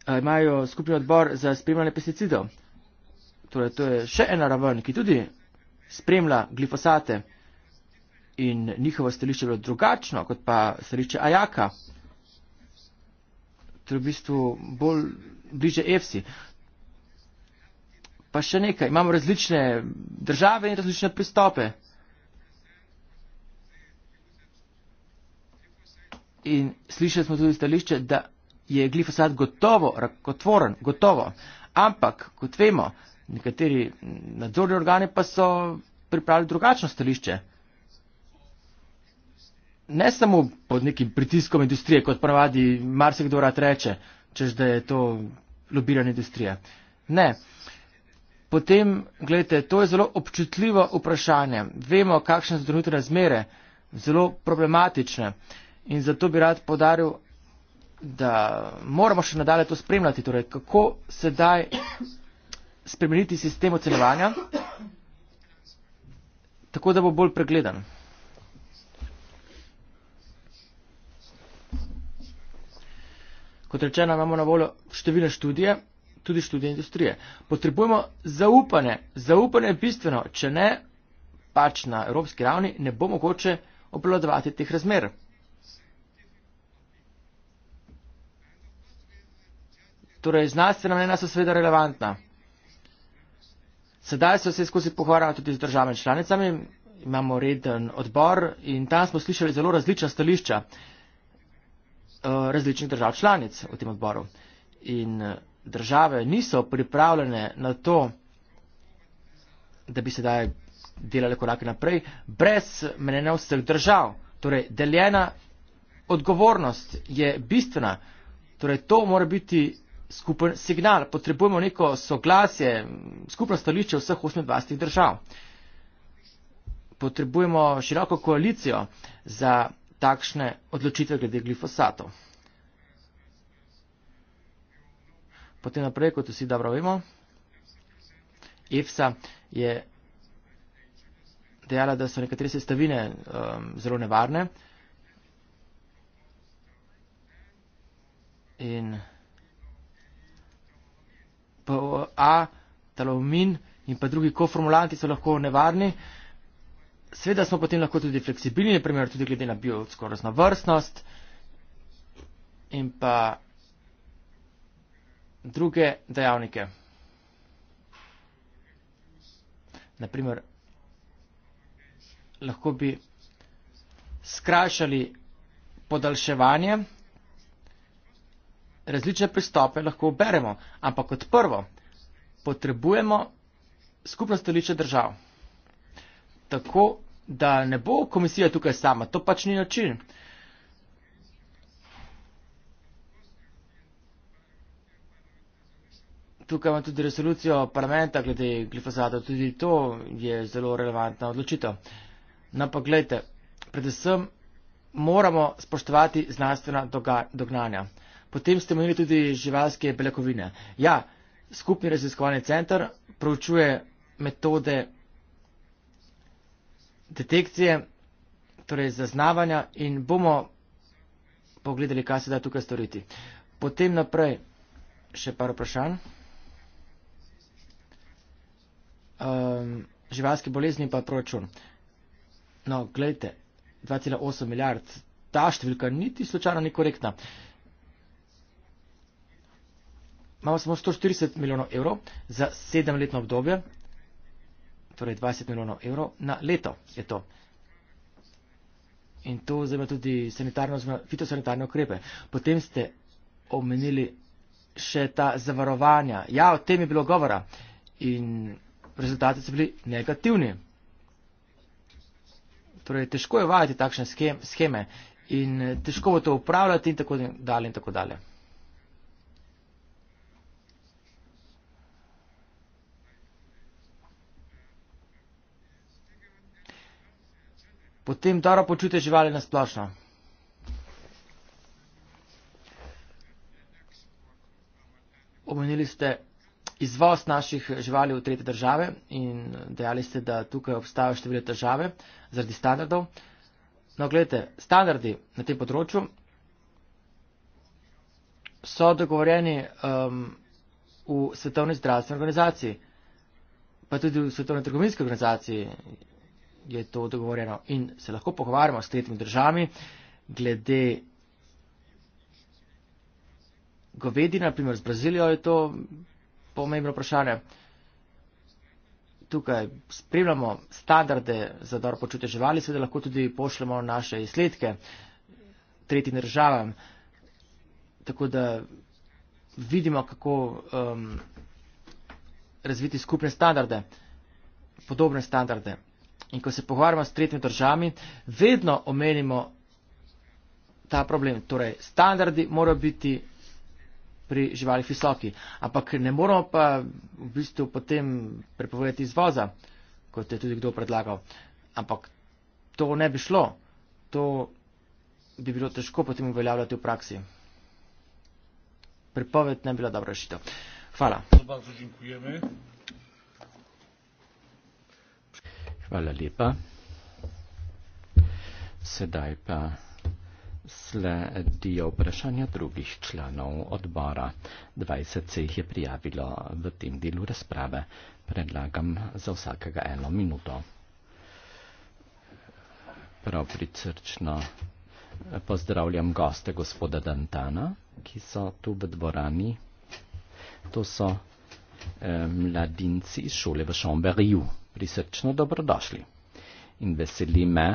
eh, imajo skupni odbor za spremljanje pesticidov. Torej, to je še ena raven, ki tudi spremlja glifosate in njihovo stališče je bilo drugačno kot pa stališče Ajaka. To je v bistvu bolj bliže EFSI. Pa še nekaj, imamo različne države in različne pristope. In slišali smo tudi stališče, da je glifosat gotovo, rakotvoren, gotovo. Ampak, kot vemo, nekateri nadzorni organi pa so pripravili drugačno stališče. Ne samo pod nekim pritiskom industrije, kot ponavadi marsikdo rad reče, čež da je to lobirana industrija. Ne. Potem, gledajte, to je zelo občutljivo vprašanje. Vemo, kakšne so trenutne razmere, zelo problematične. In zato bi rad podaril, da moramo še nadalje to spremljati. Torej, kako sedaj spremeniti sistem ocenjevanja, tako da bo bolj pregleden. Kot rečeno, imamo na voljo številne študije, tudi študije industrije. Potrebujemo zaupanje. Zaupanje je bistveno. Če ne, pač na evropski ravni ne bo mogoče obladovati teh razmer. Torej, znanstvena mnenja so seveda relevantna. Sedaj se vse skozi pohvarjamo tudi z državami članicami, imamo reden odbor in tam smo slišali zelo različna stališča. Eh, različnih držav članic v tem odboru. In eh, države niso pripravljene na to, da bi sedaj delali korake naprej, brez mnenja vseh držav. Torej, deljena odgovornost je bistvena. Torej, to mora biti skupen signal. Potrebujemo neko soglasje, skupno stališče vseh 28 držav. Potrebujemo široko koalicijo za takšne odločitve glede glifosatov. Potem naprej, kot vsi dobro vemo, EFSA je dejala, da so nekatere sestavine um, zelo nevarne in PO A, talomin in pa drugi koformulanti so lahko nevarni. Uh, Sveda smo potem lahko tudi fleksibilni, naprimer tudi glede na biotsko raznovrstnost in pa druge dejavnike. Naprimer, lahko bi skrajšali podaljševanje, različne pristope lahko uberemo, ampak kot prvo potrebujemo skupno stališče držav tako, da ne bo komisija tukaj sama. To pač ni način. Tukaj imamo tudi resolucijo parlamenta glede glifosata. Tudi to je zelo relevantna odločitev. No pa gledajte, predvsem moramo spoštovati znanstvena dognanja. Potem ste menili tudi živalske beljakovine. Ja, skupni raziskovalni center proučuje metode detekcije, torej zaznavanja in bomo pogledali, kaj se da tukaj storiti. Potem naprej še par vprašanj. Um, živalske bolezni pa proračun. No, gledajte, 2,8 milijard, ta številka niti slučajno ni korektna. Imamo samo 140 milijonov evrov za sedemletno obdobje, torej 20 milijonov evrov na leto je to. In to zame tudi sanitarno, fitosanitarne ukrepe. Potem ste omenili še ta zavarovanja. Ja, o tem je bilo govora in rezultati so bili negativni. Torej, težko je vajati takšne scheme in eh, težko bo to upravljati in tako dalje in tako dalje. potem dobro počute živali na splošno. Omenili ste izvoz naših živali v tretje države in dejali ste, da tukaj obstajajo številne težave zaradi standardov. No, gledajte, standardi na tem področju so dogovorjeni um, v Svetovni zdravstveni organizaciji, pa tudi v Svetovni trgovinski organizaciji je to dogovorjeno in se lahko pogovarjamo s tretjimi državami glede govedi, na primer z Brazilijo je to pomembno vprašanje. Tukaj spremljamo standarde za dobro počutje živali, seveda lahko tudi pošljemo naše izsledke tretjim državam, tako da vidimo, kako um, razviti skupne standarde, podobne standarde in ko se pogovarjamo s tretjimi državami, vedno omenimo ta problem. Torej, standardi morajo biti pri živalih visoki, ampak ne moramo pa v bistvu potem prepovedati izvoza, kot je tudi kdo predlagal. Ampak to ne bi šlo, to bi bilo težko potem uveljavljati v praksi. Prepoved ne bi bila dobra rešitev. Hvala. Hvala. Hvala lepa. Sedaj pa sledijo vprašanja drugih članov odbora. 20 se jih je prijavilo v tem delu razprave. Predlagam za vsakega eno minuto. Prav pricrčno pozdravljam goste gospoda Dantana, ki so tu v dvorani. To so eh, mladinci iz šole v Šomberiju prisrčno dobrodošli. In veseli me,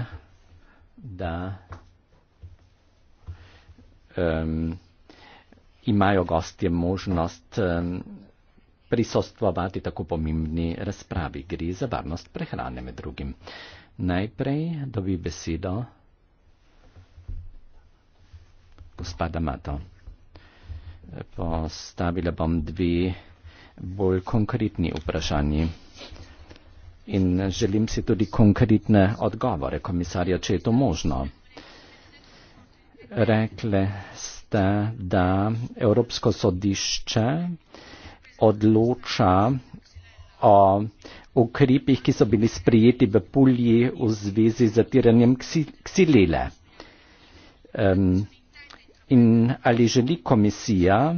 da um, imajo gostje možnost um, prisostvovati tako pomembni razpravi. Gre za varnost prehrane med drugim. Najprej dobi besedo gospoda Mato. Postavila bom dve bolj konkretni vprašanji in želim si tudi konkretne odgovore komisarja, če je to možno. Rekle ste, da Evropsko sodišče odloča o ukrepih, ki so bili sprijeti v Pulji v zvezi z zatiranjem ksilele. Um, in ali želi komisija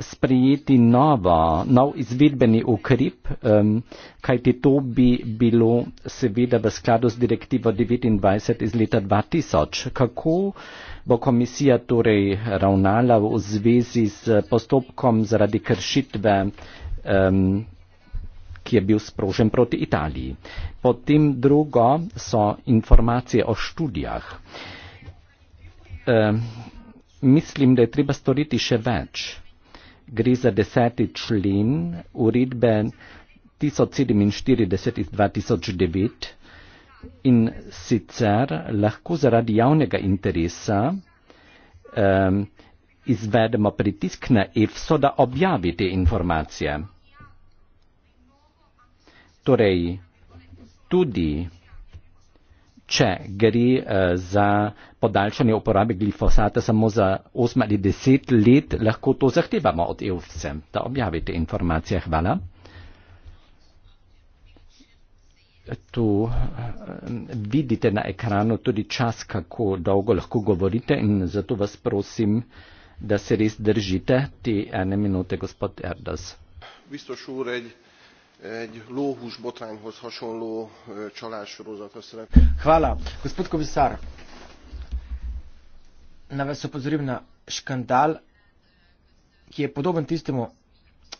sprejeti nova, nov izvedbeni ukrep, um, kajti to bi bilo seveda v skladu z direktivo 29 iz leta 2000. Kako bo komisija torej ravnala v zvezi s postopkom zaradi kršitve, um, ki je bil sprožen proti Italiji? Potem drugo so informacije o študijah. Um, mislim, da je treba storiti še več gre za deseti člen uredbe 1047 iz 2009 in sicer lahko zaradi javnega interesa um, izvedemo pritisk na EFSO, da objavi te informacije. Torej, tudi če gre eh, za podaljšanje uporabe glifosata samo za 8 ali 10 let, lahko to zahtevamo od EUFSE, da objavite informacije. Hvala. Tu eh, vidite na ekranu tudi čas, kako dolgo lahko govorite in zato vas prosim, da se res držite te ene minute, gospod Erdas egy lóhús botrányhoz hasonló csalássorozatra szeret. Hvala. Gospod komisár, na vas opozorim na škandal, ki je podoben tistemu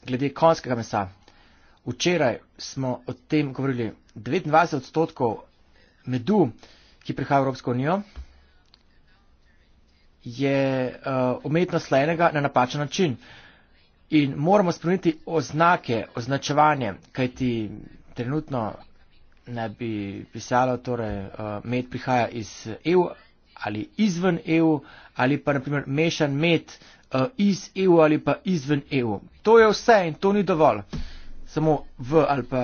glede konjskega mesa. Včeraj smo o tem govorili 29 odstotkov medu, ki prihaja v Evropsko unijo, je uh, umetno slajenega na napačen način. In moramo spremeniti oznake, označevanje, kajti trenutno ne bi pisalo, torej eh, med prihaja iz EU ali izven EU ali pa naprimer mešan med eh, iz EU ali pa izven EU. To je vse in to ni dovolj. Samo v ali pa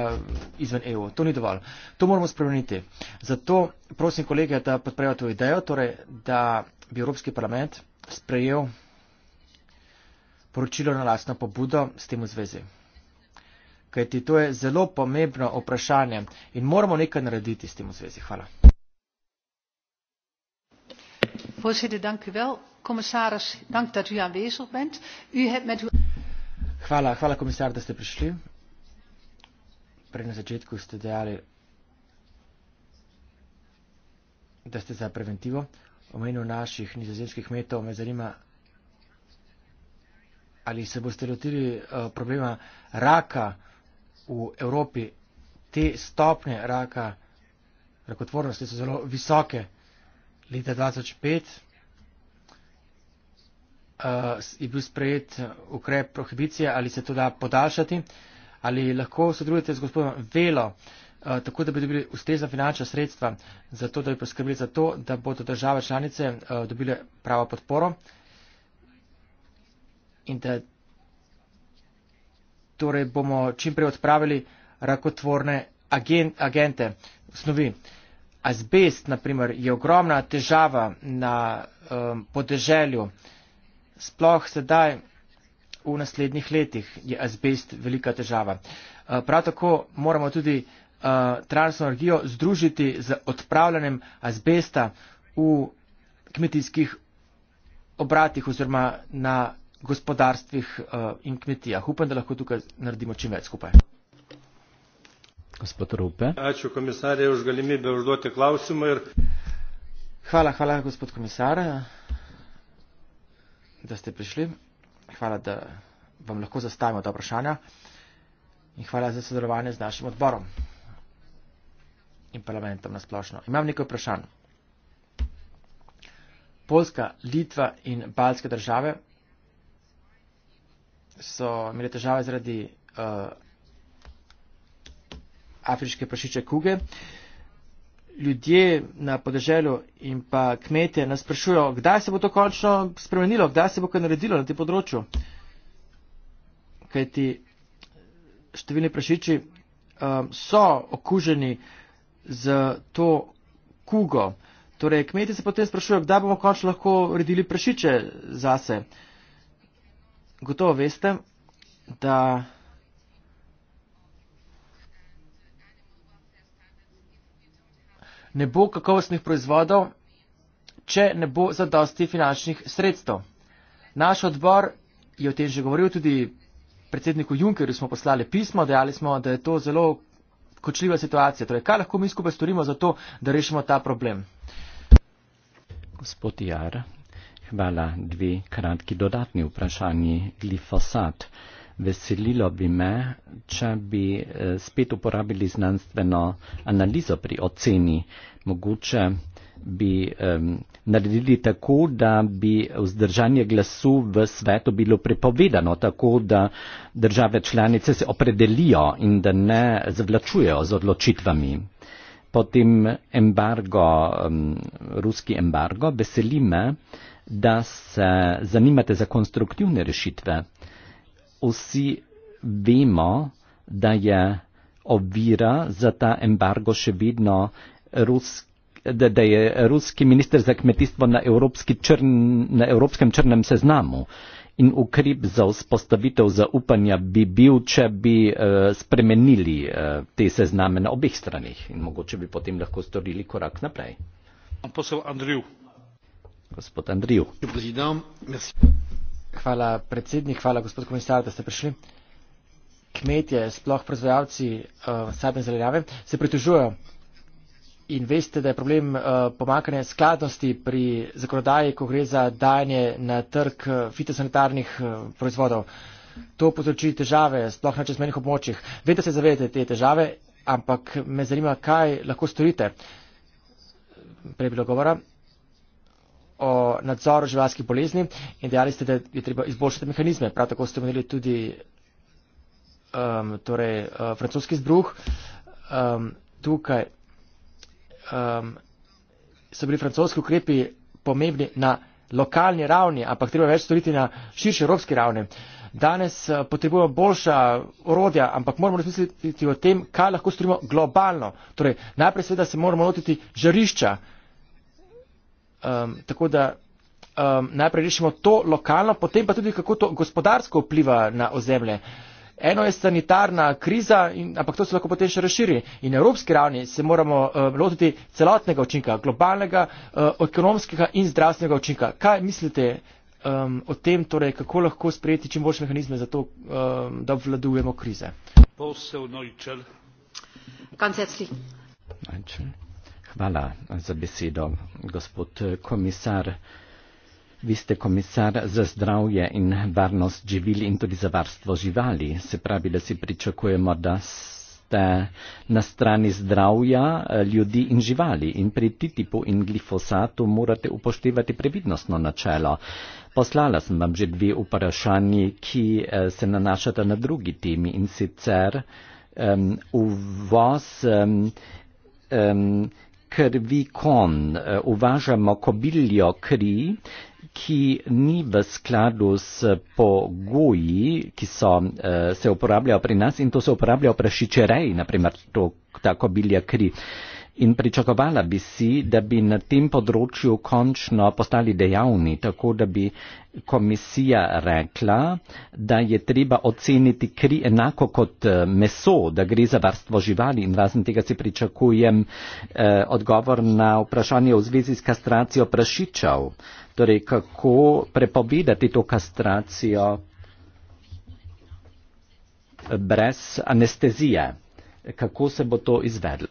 izven EU. To ni dovolj. To moramo spremeniti. Zato prosim kolege, da podprejo to idejo, torej, da bi Evropski parlament sprejel poročilo na lastno pobudo s tem v zvezi. Kaj ti to je zelo pomembno vprašanje in moramo nekaj narediti s tem v zvezi. Hvala. Hvala, hvala komisar, da ste prišli. Prej na začetku ste dejali, da ste za preventivo. Omenil naših nizozemskih metov me zanima, ali se boste lotili eh, problema raka v Evropi. Te stopne raka, rakotvornosti so zelo visoke. Leta 2005 uh, eh, je bil sprejet ukrep prohibicije, ali se to da podaljšati, ali lahko sodelujete z gospodom Velo, uh, tako da bi dobili ustrezna finančna sredstva, zato da bi poskrbeli za to, da bodo države članice uh, dobile pravo podporo. Uh, in da torej bomo čimprej odpravili rakotvorne agent, agente snovi. Azbest, naprimer, je ogromna težava na um, podeželju. Sploh sedaj v naslednjih letih je azbest velika težava. Uh, prav tako moramo tudi uh, transenergijo združiti z odpravljanjem azbesta v kmetijskih obratih oziroma na gospodarstvih eh, in kmetijah. Upam, da lahko tukaj naredimo čim več skupaj. Gospod Rupe. Ačiū komisarje už galimybę užduoti klausimą ir. Hvala, hvala, gospod komisar, da ste prišli. Hvala, da vam lahko zastavimo ta vprašanja. In hvala za sodelovanje z našim odborom in parlamentom na splošno. Imam nekaj vprašanj. Poljska, Litva in Balske države so imeli težave zaradi uh, afriške prašiče kuge. Ljudje na podeželju in pa kmete nas sprašujejo, kdaj se bo to končno spremenilo, kdaj se bo kaj naredilo na tem področju. Kaj ti številni prašiči um, so okuženi z to kugo. Torej, kmeti se potem sprašujejo, kdaj bomo končno lahko redili prašiče zase gotovo veste, da ne bo kakovostnih proizvodov, če ne bo zadosti finančnih sredstev. Naš odbor je o tem že govoril, tudi predsedniku Junkerju smo poslali pismo, dejali smo, da je to zelo kočljiva situacija. Torej, kaj lahko mi skupaj storimo za to, da rešimo ta problem? Gospod Jar, Hvala. Dve kratki dodatni vprašanji. Glifosat. Veselilo bi me, če bi eh, spet uporabili znanstveno analizo pri oceni. Mogoče bi um, naredili tako, da bi vzdržanje glasu v svetu bilo prepovedano, tako da države članice se opredelijo in da ne zavlačujejo z odločitvami. Potem embargo, um, ruski embargo, veseli me, uh, da se zanimate za konstruktivne rešitve. Vsi vemo, da je ovira za ta embargo še vedno ruski. Da, da je ruski minister za kmetijstvo na, črn, na evropskem črnem seznamu in ukrep za vzpostavitev zaupanja bi bil, če bi uh, spremenili uh, te sezname na obeh stranih in mogoče bi potem lahko storili korak naprej. Posel Andriju gospod Andriju. Hvala predsednik, hvala gospod komisar, da ste prišli. Kmetje, sploh proizvajalci uh, sadne zelenjave, se pritožujejo in veste, da je problem uh, eh, pomakanja skladnosti pri zakonodaji, ko gre za dajanje na trg eh, fitosanitarnih uh, proizvodov. To potroči težave, sploh na čezmenih območjih. Vem, da se zavedate te težave, ampak me zanima, kaj lahko storite. Prej bilo govora, o nadzoru živalskih bolezni in dejali ste, da je treba izboljšati mehanizme. Prav tako ste omenili tudi um, torej, uh, francoski zbruh. Um, tukaj um, so bili francoski ukrepi pomembni na lokalni ravni, ampak treba več storiti na širši evropski ravni. Danes uh, potrebujemo boljša orodja, ampak moramo razmisliti o tem, kaj lahko storimo globalno. Torej, najprej seveda se moramo lotiti žarišča, Um, tako da um, najprej rešimo to lokalno, potem pa tudi, kako to gospodarsko vpliva na ozemlje. Eno je sanitarna kriza, in, ampak to se lahko potem še razširi. In na evropski ravni se moramo uh, lotiti celotnega učinka, globalnega, uh, ekonomskega in zdravstvenega učinka. Kaj mislite um, o tem, torej, kako lahko sprejeti čim boljše mehanizme za to, um, da obvladujemo krize? Posel Neutral. Ganz herzlich. Neutral. Hvala za besedo, gospod komisar. Vi ste komisar za zdravje in varnost živil in tudi za varstvo živali. Se pravi, da si pričakujemo, da ste na strani zdravja eh, ljudi in živali in pri TTIP-u in glifosatu morate upoštevati previdnostno načelo. Poslala sem vam že dve vprašanji, ki eh, se nanašata na drugi temi in sicer um, uvoz um, um, krvi kon, eh, uvažamo kobiljo kri, ki ni v skladu s pogoji, ki so, eh, se uporabljajo pri nas in to se uporablja v prašičereji, naprimer to, ta kobilja kri. In pričakovala bi si, da bi na tem področju končno postali dejavni, tako da bi komisija rekla, da je treba oceniti kri enako kot eh, meso, da gre za varstvo živali in razen tega si pričakujem eh, odgovor na vprašanje v zvezi s kastracijo prašičev, torej kako prepovedati to kastracijo brez anestezije kako se bo to izvedlo.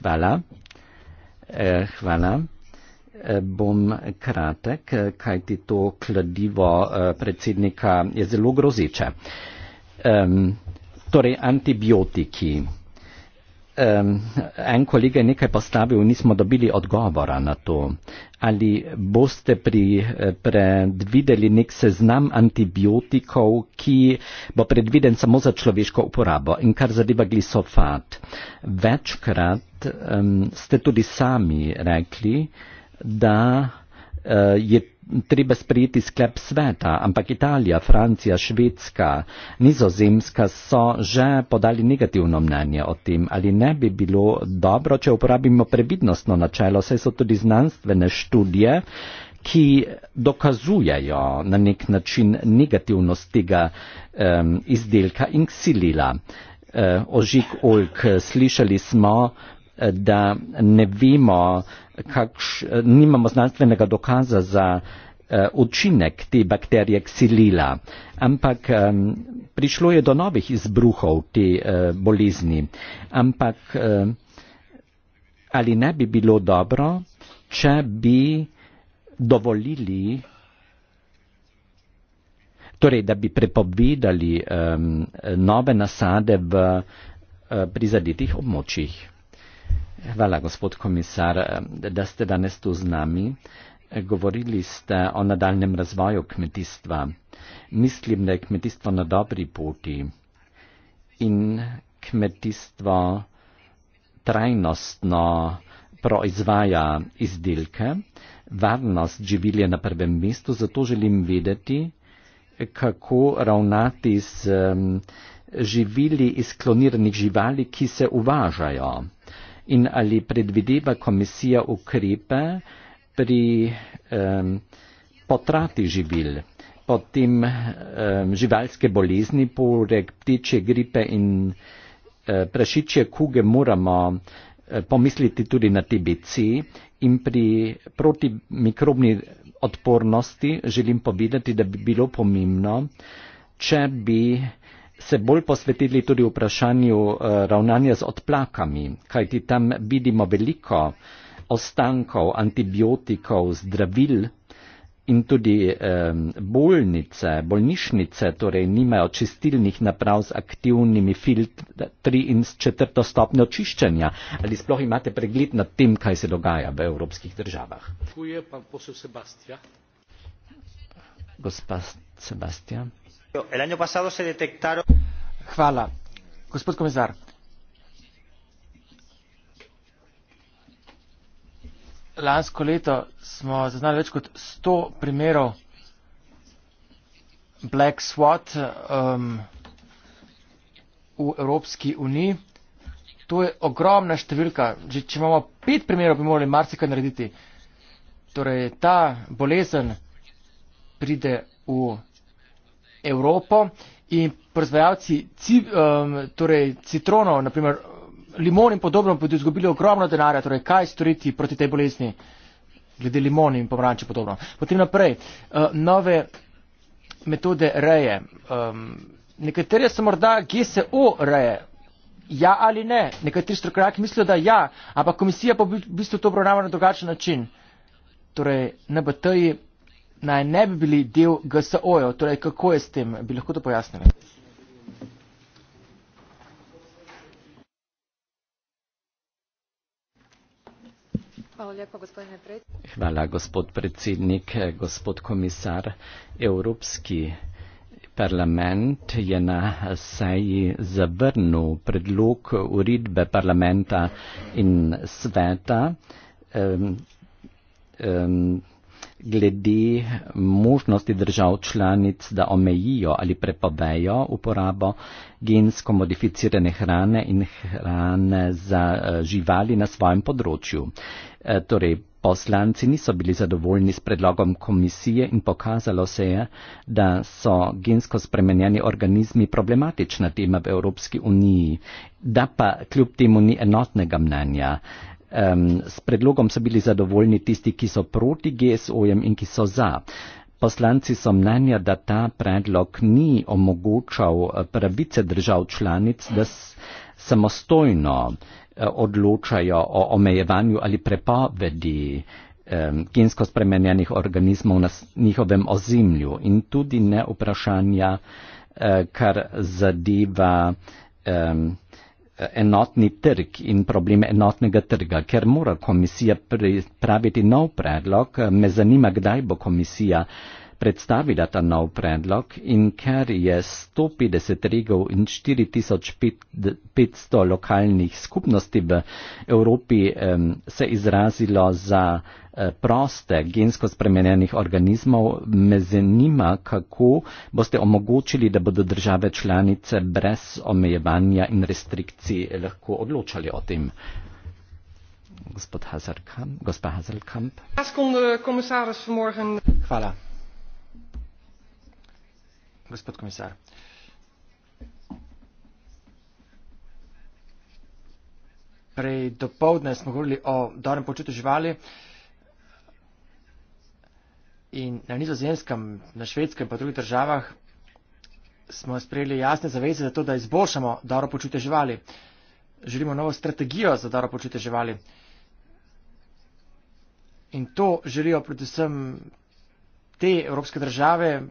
Hvala. E, hvala. E, bom kratek, kaj ti to kladivo e, predsednika je zelo grozeče. Torej, antibiotiki um, en kolega je nekaj postavil, nismo dobili odgovora na to. Ali boste pri, eh, predvideli nek seznam antibiotikov, ki bo predviden samo za človeško uporabo in kar zadeva glisofat? Večkrat um, ste tudi sami rekli, da Eh, je treba sprejeti sklep sveta, ampak Italija, Francija, Švedska, Nizozemska so že podali negativno mnenje o tem, ali ne bi bilo dobro, če uporabimo previdnostno načelo, saj so tudi znanstvene študije, ki dokazujejo na nek način negativnost tega um, izdelka in ksilila. Eh, Ožik Olk, slišali smo, da ne vemo, kakš, nimamo znanstvenega dokaza za eh, učinek te bakterije ksilila, ampak um, prišlo je do novih izbruhov te uh, bolezni. Ampak uh, ali ne bi bilo dobro, če bi dovolili, torej da bi prepovedali um, nove nasade v uh, prizadetih območjih? Hvala, gospod komisar, da ste danes tu z nami. Govorili ste o nadaljem razvoju kmetijstva. Mislim, da je kmetijstvo na dobri poti in kmetijstvo trajnostno proizvaja izdelke. Varnost živil je na prvem mestu, zato želim vedeti, kako ravnati z um, živili iz kloniranih živali, ki se uvažajo in ali predvideva komisija ukrepe pri um, potrati živil, potem um, živalske bolezni, poleg ptičje gripe in uh, prašičje kuge moramo e, pomisliti tudi na TBC in pri protimikrobni odpornosti želim povedati, da bi bilo pomembno, če bi uh, se bolj posvetili tudi vprašanju eh, ravnanja z odplakami, kajti tam vidimo veliko ostankov antibiotikov, zdravil in tudi bolnice, bolnišnice, torej nimajo čistilnih naprav z aktivnimi filtri in s četrto stopnjo očiščanja. Ali sploh imate pregled nad tem, kaj se dogaja v evropskih državah? Gospa Sebastian el año pasado se detectaron. Hvala. Gospod komisar. Lansko leto smo zaznali več kot 100 primerov Black Swat um, v Evropski uniji. To je ogromna številka. Že če imamo pet primerov, bi morali marsikaj narediti. Torej, ta bolezen pride v Evropo in proizvajalci civ, um, torej citronov, naprimer limon in podobno, bodo izgubili ogromno denarja, torej kaj storiti proti tej bolezni, glede limon in pomaranče in podobno. Potem naprej, uh, nove metode reje. Um, nekatere so morda GSO reje. Ja ali ne? Nekateri strokovnjaki mislijo, da ja, ampak komisija pa v bistvu to obravnava na drugačen način. Torej, NBT-ji naj ne bi bili del GSO-jev. Torej, kako je s tem? Bi lahko to pojasnili? Hvala lepa, gospodine predsednik. Hvala, gospod predsednik, gospod komisar. Evropski parlament je na seji zavrnil predlog uredbe parlamenta in sveta. Um, um, glede možnosti držav članic, da omejijo ali prepovejo uporabo gensko modificirane hrane in hrane za eh, živali na svojem področju. Eh, torej, poslanci niso bili zadovoljni s predlogom komisije in pokazalo se je, da so gensko spremenjeni organizmi problematična tema v Evropski uniji, da pa kljub temu ni enotnega mnenja. Um, s predlogom so bili zadovoljni tisti, ki so proti GSO-jem in ki so za. Poslanci so mnenja, da ta predlog ni omogočal eh, pravice držav članic, da samostojno eh, odločajo o omejevanju ali prepovedi gensko spremenjenih organizmov na njihovem ozemlju in tudi ne vprašanja, eh, kar zadeva. Um, Eh, enotni trg in problem enotnega trga, ker mora komisija pripraviti nov predlog. Eh, me zanima, kdaj bo komisija predstavila ta nov predlog in ker je 150 regov in 4500 lokalnih skupnosti v Evropi se izrazilo za eh, proste gensko spremenjenih organizmov, me zanima, kako boste omogočili, da bodo države članice brez omejevanja in restrikcij lahko odločali o tem. Gospod Hazelkamp. Hvala gospod komisar. Prej do povdne smo govorili o dobrem počutju živali in na nizozemskem, na švedskem in drugih državah smo sprejeli jasne zaveze za to, da izboljšamo dobro počutje živali. Želimo novo strategijo za dobro počutje živali. In to želijo predvsem te evropske države,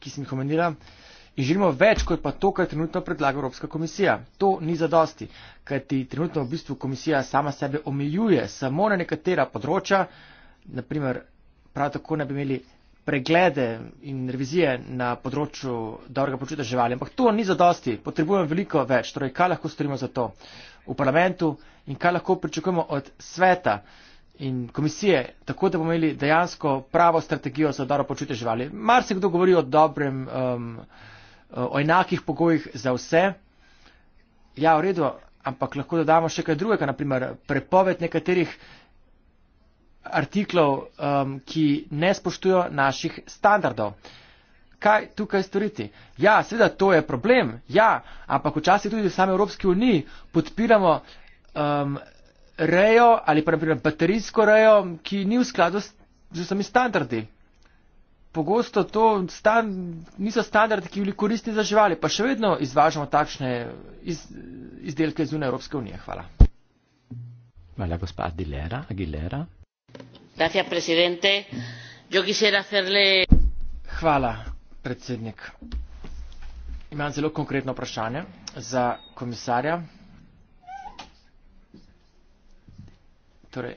ki sem jih omenila, in želimo več kot pa to, kar trenutno predlaga Evropska komisija. To ni zadosti, kajti trenutno v bistvu komisija sama sebe omejuje samo na nekatera področja, naprimer prav tako ne bi imeli preglede in revizije na področju dobrega počutja živali. Ampak to ni zadosti, potrebujemo veliko več. Torej, kaj lahko storimo za to v parlamentu in kaj lahko pričakujemo od sveta? Uh, in komisije, tako da bomo imeli dejansko pravo strategijo za dobro počutje živali. Mar se kdo govori o dobrem, um, o enakih pogojih za vse. Ja, v redu, ampak lahko dodamo še kaj drugega, naprimer prepoved nekaterih artiklov, um, ki ne spoštujo naših standardov. Kaj tukaj storiti? Ja, seveda to je problem, ja, ampak včasih tudi v sami Evropski uniji podpiramo um, rejo ali pa naprimer baterijsko rejo, ki ni v skladu z vsemi standardi. Pogosto to stan, niso standardi, ki bi bili koristni za živali, pa še vedno izvažamo takšne iz, izdelke zunaj Evropske unije. Hvala. Hvala, gospa Adilera, Aguilera. Gracias, presidente. Yo quisiera hacerle. Hvala, predsednik. Imam zelo konkretno vprašanje za komisarja. Torej,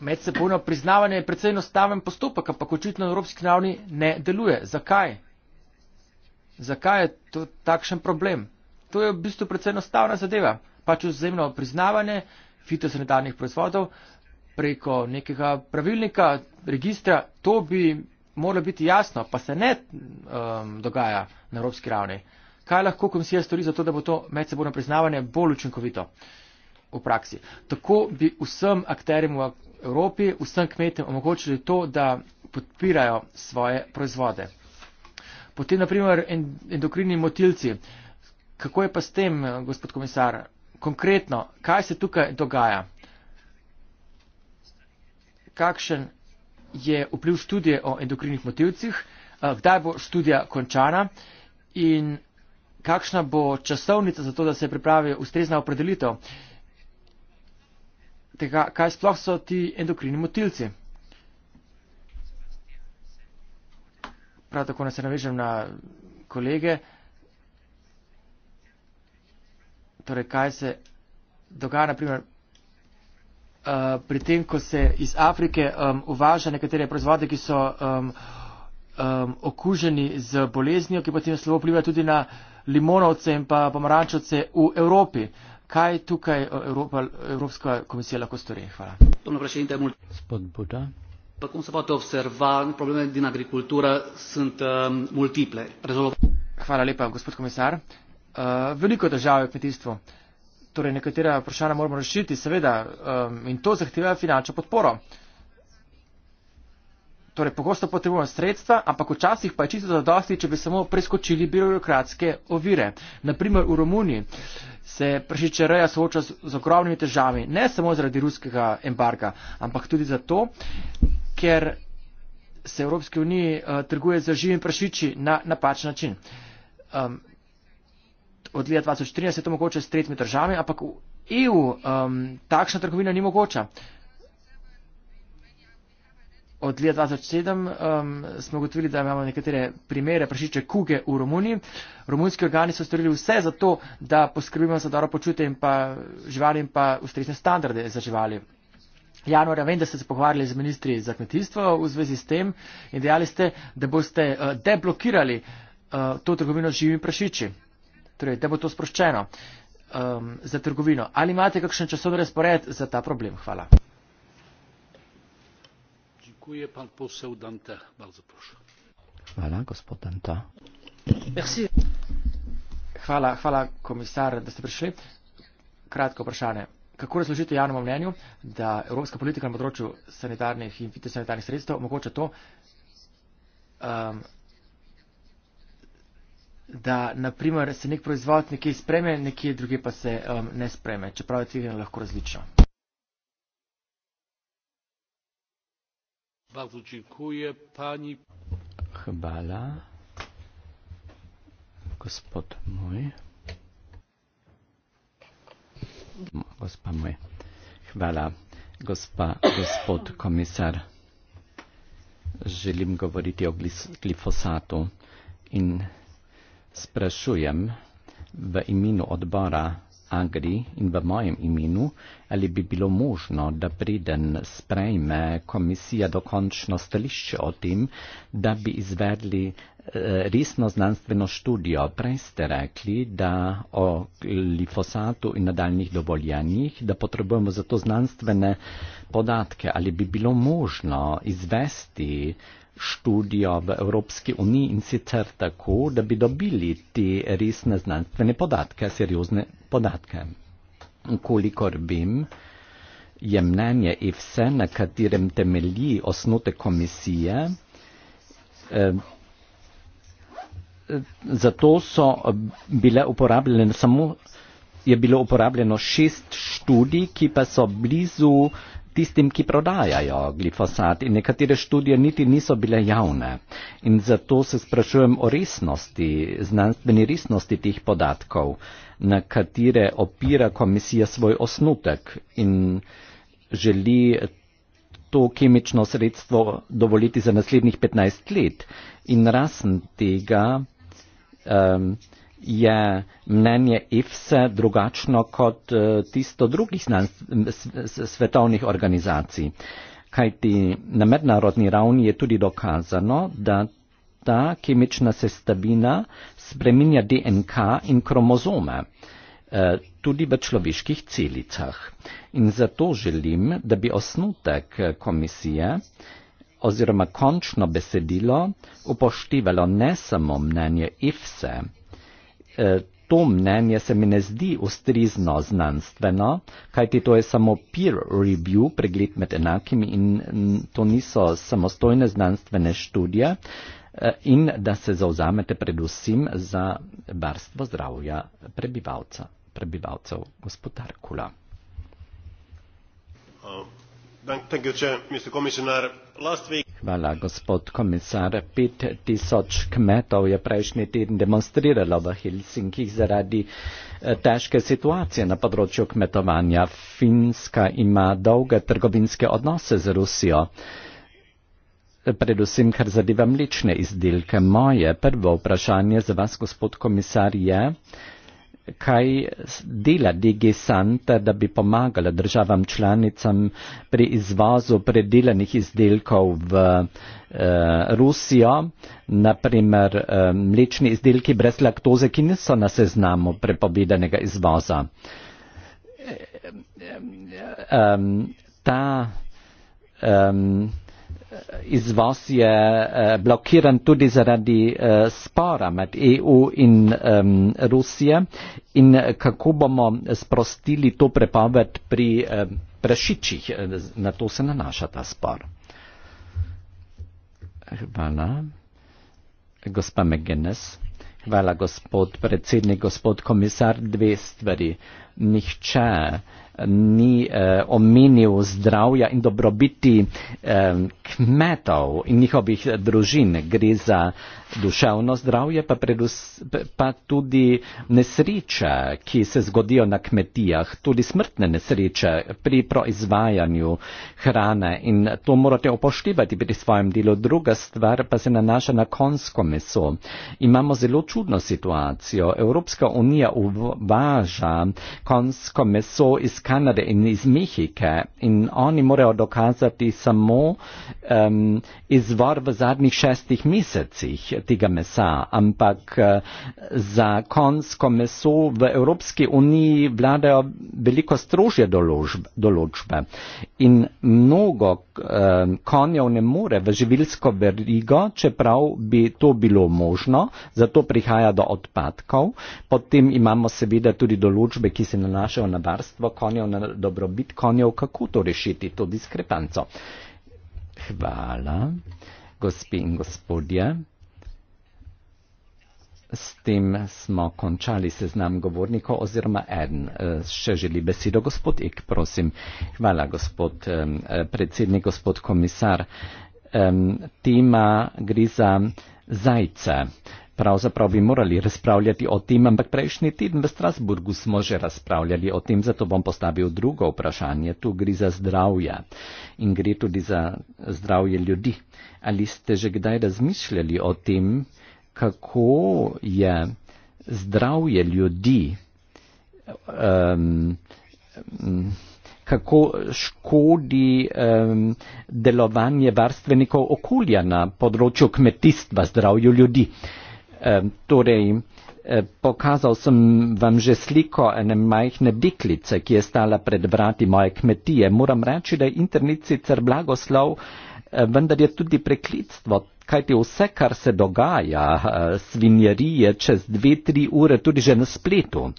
medsebojno priznavanje je predvsej enostaven postopek, ampak očitno na evropski ravni ne deluje. Zakaj? Zakaj je to takšen problem? To je v bistvu predvsej enostavna zadeva. Pač vzajemno priznavanje fitosanitarnih proizvodov preko nekega pravilnika, registra, to bi moralo biti jasno, pa se ne um, dogaja na evropski ravni. Kaj lahko komisija stori za to, da bo to medsebojno priznavanje bolj učinkovito? Uh, v praksi. Tako bi vsem akterjem v Evropi, vsem kmetem omogočili to, da podpirajo svoje proizvode. Potem, naprimer, endokrini motilci. Kako je pa s tem, gospod komisar? Konkretno, kaj se tukaj dogaja? Kakšen je vpliv študije o endokrinih motilcih? Eh, kdaj bo študija končana? In kakšna bo časovnica za to, da se pripravi ustrezna opredelitev? tega, kaj sploh so ti endokrini motilci. Prav tako ne se navežem na kolege, torej kaj se dogaja naprimer uh, eh, pri tem, ko se iz Afrike um, uvaža nekatere proizvode, ki so um, um, okuženi z boleznijo, ki potem slabo pliva tudi na limonovce in pa pomarančovce v Evropi. Uh, Kaj tukaj Evropa, Evropska komisija lahko stori? Hvala. Gospod Buda. Pa kom se pa to observan, probleme din agrikultura sunt um, multiple. Rezolvo. Hvala lepa, gospod komisar. Uh, veliko držav je kmetijstvo. Torej, nekatera vprašanja moramo rešiti, seveda, um, in to zahteva finančno podporo. Uh, torej pogosto potrebujemo sredstva, ampak včasih pa je čisto zadosti, če bi samo preskočili birokratske ovire. Naprimer v Romuniji se prašičereja sooča z, z ogromnimi težavami, ne samo zaradi ruskega embarga, ampak tudi zato, ker se Evropske unije uh, trguje z živim prašiči na napačen način. Um, od leta 2013 je to mogoče s tretjimi državami, ampak v EU um, takšna trgovina ni mogoča od leta 2007 um, smo gotovili, da imamo nekatere primere prašiče kuge v Romuniji. Romunski organi so storili vse za to, da poskrbimo za dobro počutje in pa živali in pa ustrezne standarde za živali. Januarja vem, da ste se pogovarjali z ministri za kmetijstvo v zvezi s tem in dejali ste, da boste uh, deblokirali uh, to trgovino z živimi prašiči. Torej, da bo to sproščeno um, za trgovino. Ali imate kakšen časovni razpored za ta problem? Hvala. Dziękuję. Pan poseł Dante, bardzo proszę. Voilà, gospod Dante. Merci. Hvala, hvala komisar, da ste prišli. Kratko vprašanje. Kako razložite javnemu mnenju, da evropska politika na področju sanitarnih in fitosanitarnih sredstev omogoča to, um, da naprimer se nek proizvod nekje spreme, nekje druge pa se um, ne spreme, čeprav je tveganje lahko različno? Bardzo dziękuję pani. Chbala. Gospod mój. Gospa mój. Chwala. Gospa, gospod komisar. Želim govoriti o glifosatu in sprašujem v imenu odbora Agri in v mojem imenu, ali bi bilo možno, da preden sprejme komisija dokončno stališče o tem, da bi izvedli eh, resno znanstveno študijo. Prej ste rekli, da o glifosatu in nadaljnih dovoljenjih, da potrebujemo za to znanstvene podatke. Ali bi bilo možno izvesti študijo v Evropski uniji in sicer tako, da bi dobili te resne znanstvene podatke, seriozne podatke. Kolikor vem, je mnenje EFSE, na katerem temelji osnote komisije, eh, zato so bile uporabljene samo, je bilo uporabljeno šest študij, ki pa so blizu tistim, ki prodajajo glifosat in nekatere študije niti niso bile javne. In zato se sprašujem o resnosti, znanstveni resnosti teh podatkov, na katere opira komisija svoj osnutek in želi to kemično sredstvo dovoliti za naslednjih 15 let. In razen tega, um, je mnenje IFSE drugačno kot e, tisto drugih svetovnih organizacij. Kajti na mednarodni ravni je tudi dokazano, da ta kemična sestavina spreminja DNK in kromozome e, tudi v človeških celicah. In zato želim, da bi osnutek e, komisije oziroma končno besedilo upoštevalo ne samo mnenje IFSE, Eh, to mnenje se mi ne zdi ustrizno znanstveno, kajti to je samo peer review, pregled med enakimi in to niso samostojne znanstvene študije eh, in da se zauzamete predvsem za barstvo zdravja prebivalcev gospodarkula. Uh, Hvala, gospod komisar. Pet tisoč kmetov je prejšnji teden demonstriralo v Helsinkih zaradi eh, težke situacije na področju kmetovanja. Finska ima dolge trgovinske odnose z Rusijo, predvsem kar zadeva mlečne izdelke. Moje prvo vprašanje za vas, gospod komisar, je, kaj dela Digisanta, da bi pomagala državam članicam pri izvozu predelanih izdelkov v eh, Rusijo, naprimer eh, mlečni izdelki brez laktoze, ki niso na seznamu prepovedanega izvoza. Eh, ta um, izvoz je eh, blokiran tudi zaradi eh, spora med EU in um, Rusije in eh, kako bomo sprostili to prepoved pri um, prešičih, na to se nanaša ta spor. Hvala. Gospa McGinnis. Hvala, gospod predsednik, gospod komisar. Dve stvari. Nihče ni eh, omenil zdravja in dobrobiti eh, kmetov in njihovih družin. Gre za eh, duševno zdravje, pa, predus, pa tudi nesreče, ki se zgodijo na kmetijah, tudi smrtne nesreče pri proizvajanju hrane in to morate upoštevati pri svojem delu. Druga stvar pa se nanaša na konsko meso. Imamo zelo čudno situacijo. Evropska unija uvaža konsko meso iz Kanade in iz Mehike in oni morajo dokazati samo um, izvor v zadnjih šestih mesecih tega mesa, ampak eh, za konsko meso v Evropski uniji vladajo veliko strožje določbe in mnogo eh, konjev ne more v živilsko verigo, čeprav bi to bilo možno, zato prihaja do odpadkov. Potem imamo seveda tudi določbe, ki se nanašajo na varstvo konjev, na dobrobit konjev, kako to rešiti, to diskrepanco. Hvala, gospe in gospodje. S tem smo končali seznam govornikov oziroma en. Eh, še želi besedo gospod Ek, prosim. Hvala gospod eh, predsednik, gospod komisar. Tema gre za zajce. Pravzaprav bi morali razpravljati o tem, ampak prejšnji teden v Strasburgu smo že razpravljali o tem, zato bom postavil drugo vprašanje. Tu gre za zdravje in gre tudi za zdravje ljudi. Ali ste že kdaj razmišljali o tem, kako je zdravje ljudi, um, kako škodi um, delovanje varstvenikov okolja na področju kmetijstva zdravju ljudi. Um, torej, e, Pokazal sem vam že sliko ene majhne deklice, ki je stala pred vrati moje kmetije. Moram reči, da je internet sicer blagoslov, e, vendar je tudi preklicstvo kajti vse, kar se dogaja, eh, svinjarije čez dve, tri ure, tudi že na spletu.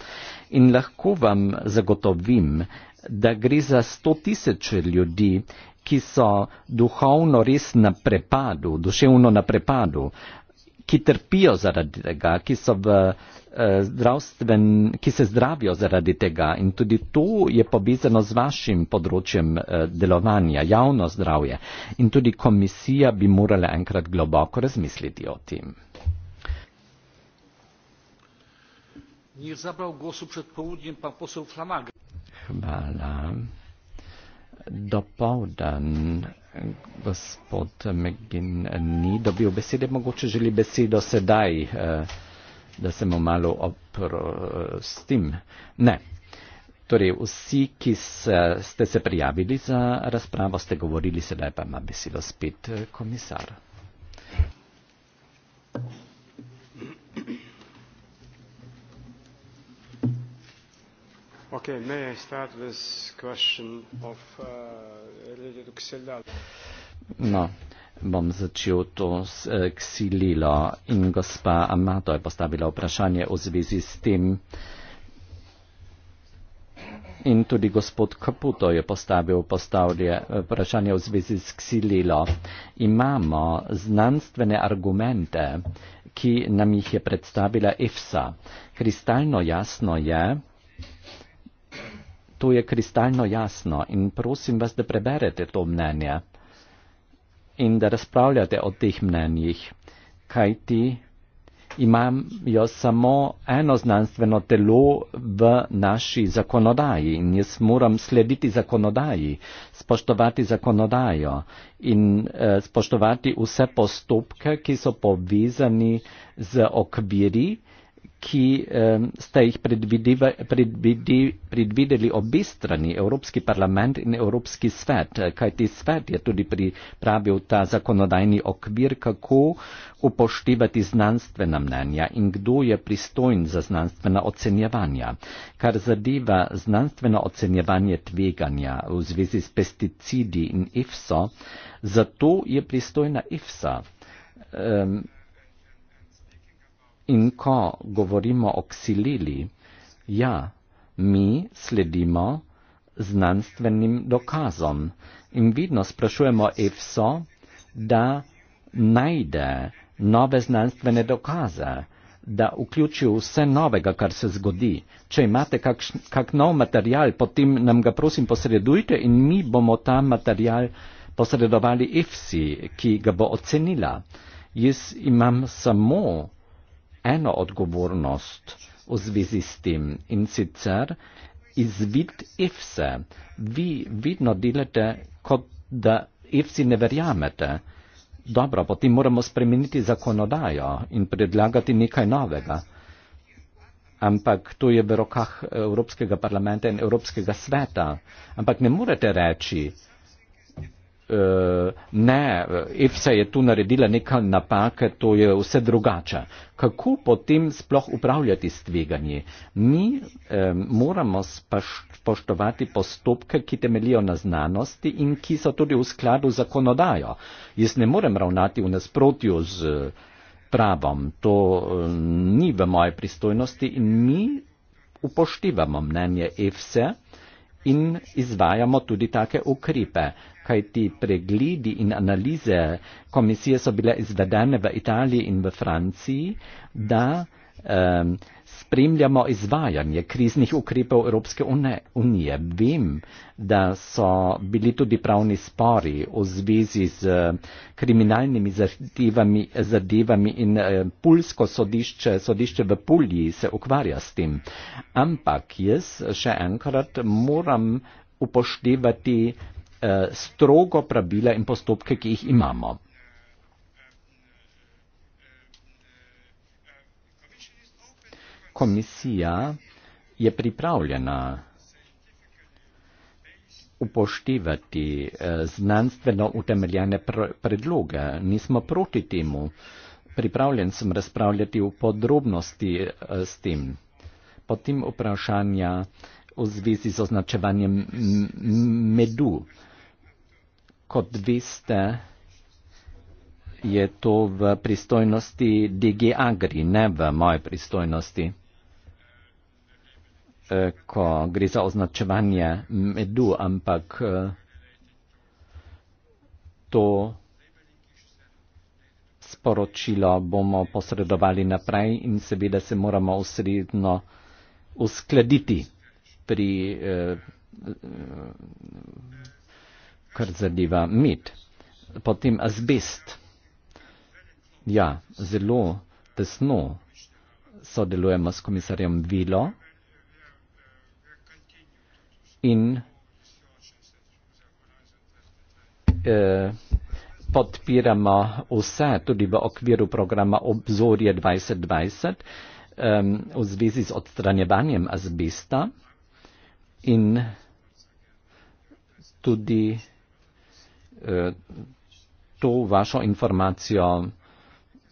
In lahko vam zagotovim, da gre za sto tisoče ljudi, ki so duhovno res na prepadu, duševno na prepadu, ki trpijo zaradi tega, ki so v Eh, zdravstven, ki se zdravijo zaradi tega in tudi to je povezano z vašim področjem eh, delovanja, javno zdravje in tudi komisija bi morala enkrat globoko razmisliti o tem. Hvala. Dopovdan gospod Megin ni dobil besede, mogoče želi besedo sedaj. Eh, da se mu malo oprostim. Ne. Torej, vsi, ki se, ste se prijavili za razpravo, ste govorili, sedaj pa ima besedo spet eh, komisar. Uh, no, bom začel to s eh, ksililo in gospa Amato je postavila vprašanje v zvezi s tem. In tudi gospod Kaputo je postavil eh, vprašanje v zvezi s ksililo. Imamo znanstvene argumente, ki nam jih je predstavila EFSA. Kristalno jasno je, to je kristalno jasno in prosim vas, da preberete to mnenje in da razpravljate o teh mnenjih, kajti imajo samo eno znanstveno telo v naši zakonodaji in jaz moram slediti zakonodaji, spoštovati zakonodajo in eh, spoštovati vse postopke, ki so povezani z okviri, ki ste jih predvidi, predvideli obi strani, Evropski parlament in Evropski svet, kajti svet je tudi pripravil ta zakonodajni okvir, kako upoštevati znanstvena mnenja in kdo je pristojen za znanstvena ocenjevanja. Kar zadeva znanstveno ocenjevanje tveganja v zvezi s pesticidi in IFSO, zato je pristojna IFSA. Um, In ko govorimo o ksilili, ja, mi sledimo znanstvenim dokazom in vidno sprašujemo EFSO, da najde nove znanstvene dokaze, da vključi vse novega, kar se zgodi. Če imate kak, kak nov material, potem nam ga prosim posredujte in mi bomo ta material posredovali EFSI, ki ga bo ocenila. Jaz imam samo eno odgovornost v zvezi s tem in sicer izvid IFSE. Vi vidno delate, kot da IFSE ne verjamete. Dobro, potem moramo spremeniti zakonodajo in predlagati nekaj novega. Ampak to je v rokah Evropskega parlamenta in Evropskega sveta. Ampak ne morete reči, ne, EFSA je tu naredila neka napaka, to je vse drugače. Kako potem sploh upravljati s tveganji? Mi eh, moramo spoštovati postopke, ki temelijo na znanosti in ki so tudi v skladu z zakonodajo. Jaz ne morem ravnati v nasprotju z pravom, to eh, ni v moje pristojnosti in mi upoštevamo mnenje EFSA in izvajamo tudi take ukrepe kajti pregledi in analize komisije so bile izvedene v Italiji in v Franciji, da um, spremljamo izvajanje kriznih ukrepov Evropske unije. Vem, da so bili tudi pravni spori v zvezi z eh, kriminalnimi zadevami, zadevami in eh, Pulsko sodišče, sodišče v Pulji se ukvarja s tem. Ampak jaz še enkrat moram upoštevati eh, strogo pravila in postopke, ki jih imamo. Komisija je pripravljena upoštevati eh, znanstveno utemeljene predloge. Nismo proti temu. Pripravljen sem razpravljati v podrobnosti eh, s tem. Potem vprašanja v zvezi z označevanjem medu kot veste, je to v pristojnosti DG Agri, ne v moje pristojnosti. E, ko gre za označevanje medu, ampak e, to sporočilo bomo posredovali naprej in seveda se moramo osredno uskladiti pri e, kar zadeva med, potem azbest. Ja, zelo tesno sodelujemo s komisarjem Vilo in eh, podpiramo vse tudi v okviru programa Obzorje 2020 um, v zvezi z odstranjevanjem azbesta in tudi Eh, to vašo informacijo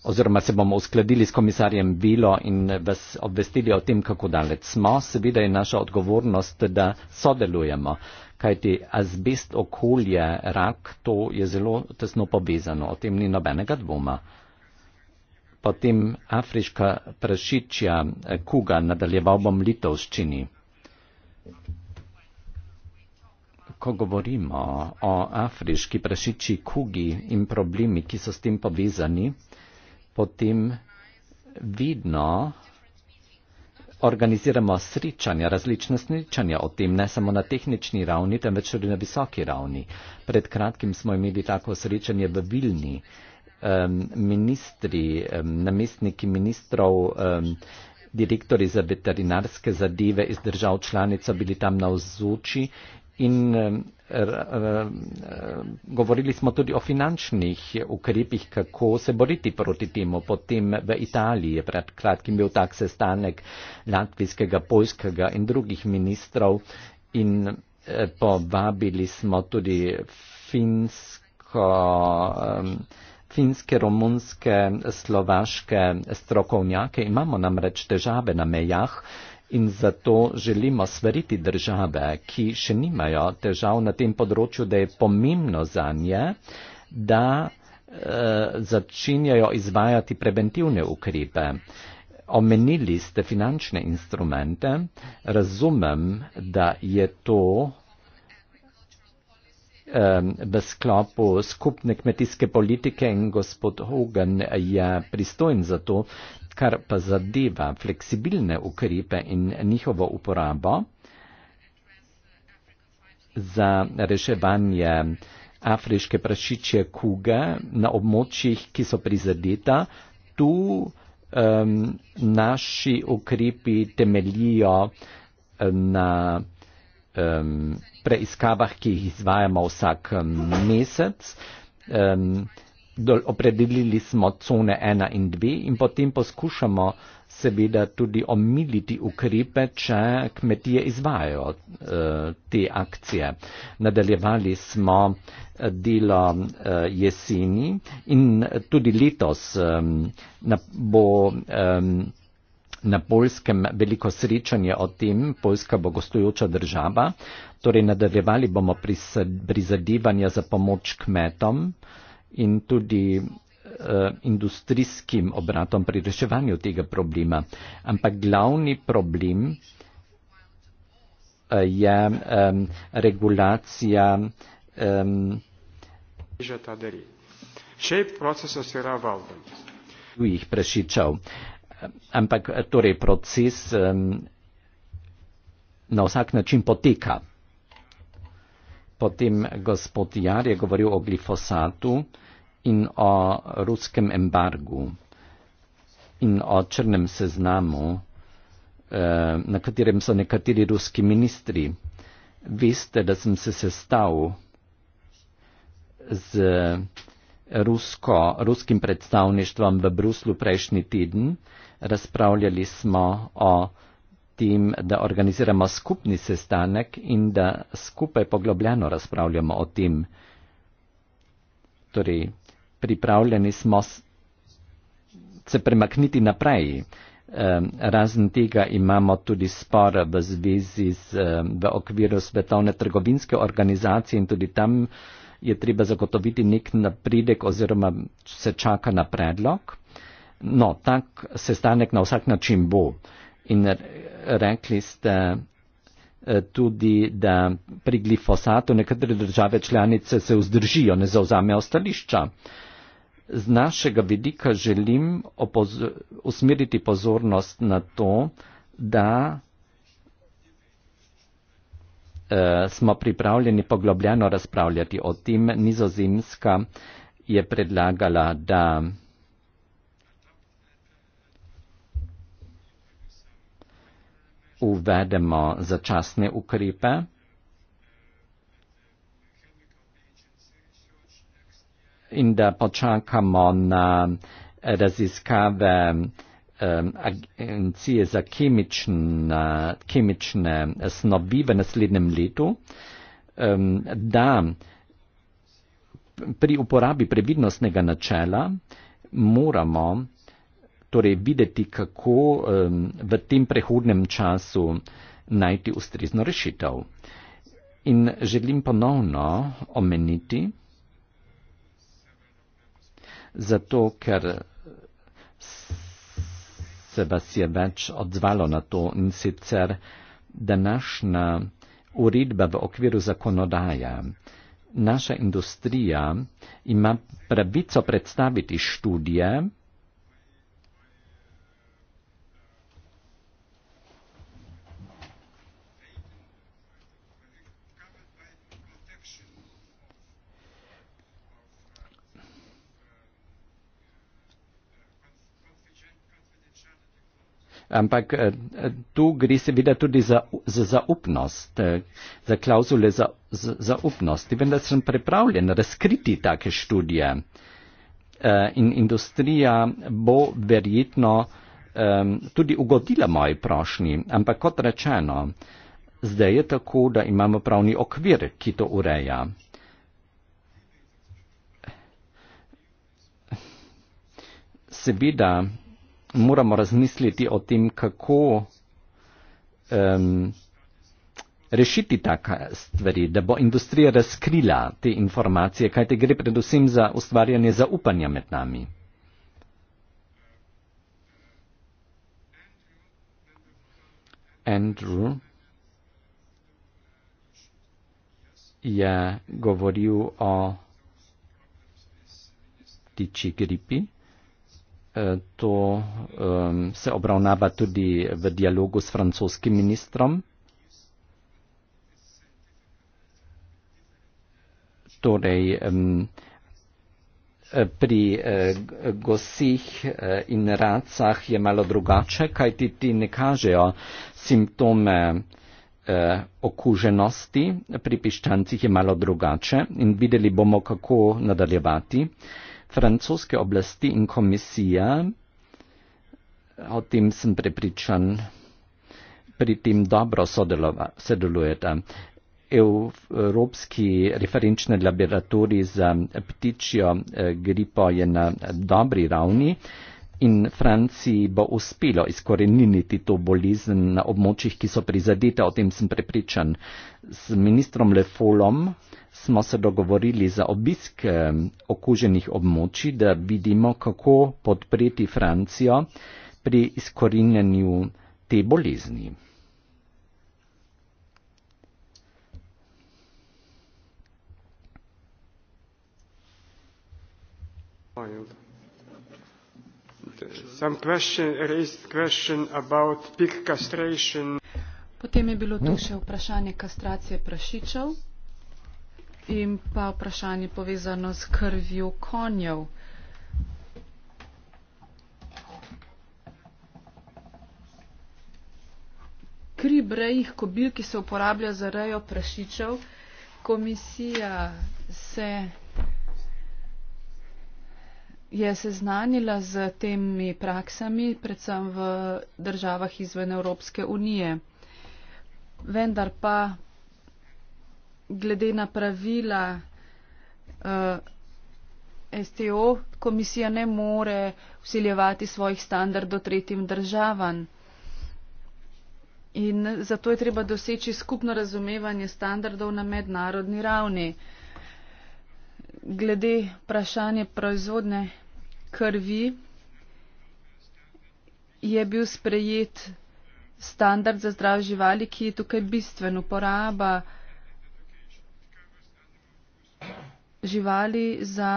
oziroma se bomo uskladili s komisarjem Bilo in vas obvestili o tem, kako daleč smo. Seveda je naša odgovornost, da sodelujemo, kajti azbest okolje, rak, to je zelo tesno povezano, o tem ni nobenega dvoma. Potem afriška prašičja eh, kuga, nadaljeval bom litovščini ko govorimo o afriški prašiči kugi in problemi, ki so s tem povezani, potem vidno organiziramo sričanja, različne sričanja o tem, ne samo na tehnični ravni, temveč tudi na visoki ravni. Pred kratkim smo imeli tako sričanje v Vilni. Um, ministri, um, namestniki ministrov, um, direktori za veterinarske zadeve iz držav članica bili tam na vzoči in govorili smo tudi o finančnih ukrepih, kako se boriti proti temu. Potem v Italiji je pred kratkim bil tak sestanek latvijskega, polskega in drugih ministrov in eh, povabili smo tudi finsko, finske, romunske, slovaške strokovnjake. Imamo namreč težave na mejah in zato želimo svariti države, ki še nimajo težav na tem področju, da je pomembno za nje, da e, eh, začinjajo izvajati preventivne ukrepe. Omenili ste finančne instrumente, razumem, da je to v sklopu skupne kmetijske politike in gospod Hogan je pristojen za to, kar pa zadeva fleksibilne ukrepe in njihovo uporabo za reševanje afriške prašičje kuge na območjih, ki so prizadeta, tu um, naši ukrepi temeljijo na um, preiskavah, ki jih izvajamo vsak mesec. Um, opredelili smo cone ena in dve in potem poskušamo seveda tudi omiliti ukrepe, če kmetije izvajajo eh, te akcije. Nadaljevali smo eh, delo eh, jeseni in tudi letos bo na polskem veliko srečanje o tem, Poljska bo gostujoča država, torej nadaljevali bomo prizadevanja za pomoč kmetom, in tudi eh, industrijskim obratom pri reševanju tega problema. Ampak glavni problem eh, je um, regulacija. Um, jih prešičal. Ampak torej proces um, na vsak način poteka potem gospod Jar je govoril o glifosatu in o ruskem embargu in o črnem seznamu, eh, na katerem so nekateri ruski ministri. Veste, da sem se sestal z rusko, ruskim predstavništvom v Bruslu prejšnji teden, razpravljali smo o predlagati jim, da organiziramo skupni sestanek in da skupaj poglobljeno razpravljamo o tem. Torej, pripravljeni smo se premakniti naprej. Ehm, razen tega imamo tudi spor v zvezi z, ehm, v okviru svetovne trgovinske organizacije in tudi tam je treba zagotoviti nek napredek oziroma se čaka na predlog. No, tak sestanek na vsak način bo in rekli ste eh, tudi, da pri glifosatu nekatere države članice se vzdržijo, ne zauzamejo stališča. Z našega vidika želim usmeriti pozornost na to, da eh, smo pripravljeni poglobljeno razpravljati o tem. Nizozemska je predlagala, da uvedemo začasne ukrepe. In da počakamo na raziskave eh, agencije za kemične, kemične snovi v naslednjem letu, eh, da pri uporabi previdnostnega načela moramo torej videti, kako um, v tem prehodnem času najti ustrezno rešitev. In želim ponovno omeniti, zato ker se vas je več odzvalo na to in sicer današnja uredba v okviru zakonodaje. Naša industrija ima pravico predstaviti študije, ampak eh, tu gre seveda tudi za, za zaupnost, eh, za klauzule za, za, zaupnost. In vendar sem pripravljen razkriti take študije. Eh, in industrija bo verjetno tudi ugodila moji prošnji, ampak kot rečeno, zdaj je tako, da imamo pravni okvir, ki to ureja. Seveda, moramo razmisliti o tem, kako um, rešiti take stvari, da bo industrija razkrila te informacije, kajte gre predvsem za ustvarjanje zaupanja med nami. Andrew je govoril o ptiči gripi. Eh, to um, se obravnava tudi v dialogu s francoskim ministrom. Torej, um, pri uh, gosih uh, in racah je malo drugače, kaj ti ti ne kažejo simptome uh, okuženosti, pri piščancih je malo drugače in videli bomo, kako nadaljevati. Uh, francoske oblasti in komisija, o tem sem prepričan, pri tem dobro sodelujeta. Evropski referenčni laboratorij za ptičjo eh, gripo je na dobri ravni in Franciji bo uspelo izkoreniniti to bolezen na območjih, ki so prizadete, o tem sem prepričan. S ministrom Lefolom smo se dogovorili za obisk eh, okuženih območij, da vidimo, kako podpreti Francijo pri izkorinjanju te bolezni. Hvala. Some question, raised question about pig castration. Potem je bilo tu no. še vprašanje kastracije prašičev in pa vprašanje povezano s krvjo konjev. Kri brejih kobil, ki se uporablja za rejo prašičev, komisija se je seznanila z temi praksami, predvsem v državah izven Evropske unije. Vendar pa glede na pravila uh, eh, STO komisija ne more usiljevati svojih standardov tretjim državam. In zato je treba doseči skupno razumevanje standardov na mednarodni ravni. Glede vprašanje proizvodne krvi je bil sprejet standard za zdrav živali, ki je tukaj bistven. Uporaba živali za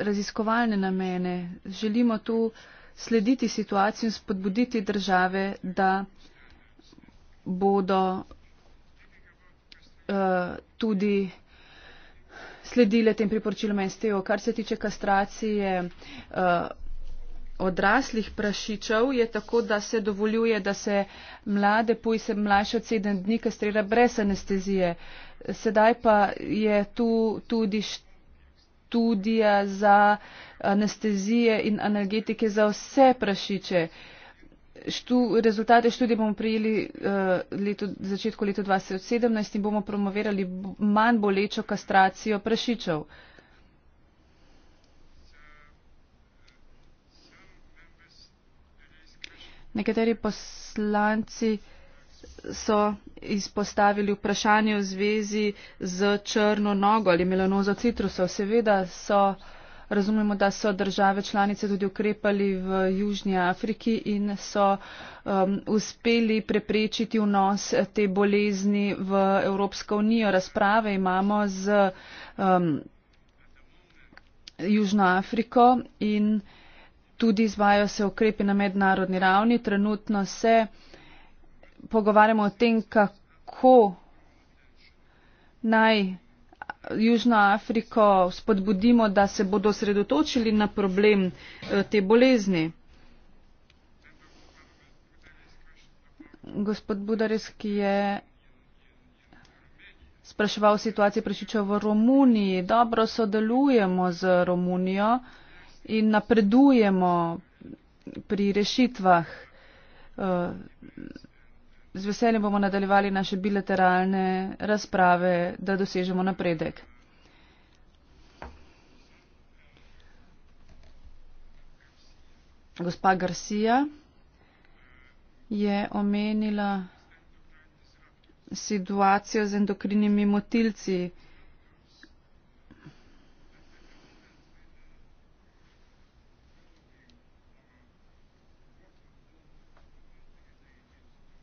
raziskovalne namene. Želimo tu slediti situacijo in spodbuditi države, da bodo Eh, tudi sledile tem priporočilom NSTO. Kar se tiče kastracije eh, odraslih prašičev, je tako, da se dovoljuje, da se mlade pujse mlajše od sedem dni kastrira brez anestezije. Sedaj pa je tu tudi študija za anestezije in analgetike za vse prašiče. Uh, rezultate študije bomo prejeli v eh, začetku leta dva tisoč sedemnajst in bomo promovirali manj bolečo kastracijo prašičev. nekateri poslanci so izpostavili vprašanje v zvezi z črno nogo ali melanozo citrusov seveda so Razumemo, da so države članice tudi ukrepali v Južnji Afriki in so um, uspeli preprečiti vnos te bolezni v Evropsko unijo. Razprave imamo z um, Južno Afriko in tudi izvajo se ukrepi na mednarodni ravni. Trenutno se pogovarjamo o tem, kako naj Južno Afriko spodbudimo, da se bodo osredotočili na problem eh, te bolezni. Gospod Budares, ki je spraševal situacijo prešičev v Romuniji, dobro sodelujemo z Romunijo in napredujemo pri rešitvah. Eh, z veseljem bomo nadaljevali naše bilateralne razprave, da dosežemo napredek. Gospa Garcia je omenila situacijo z endokrinimi motilci.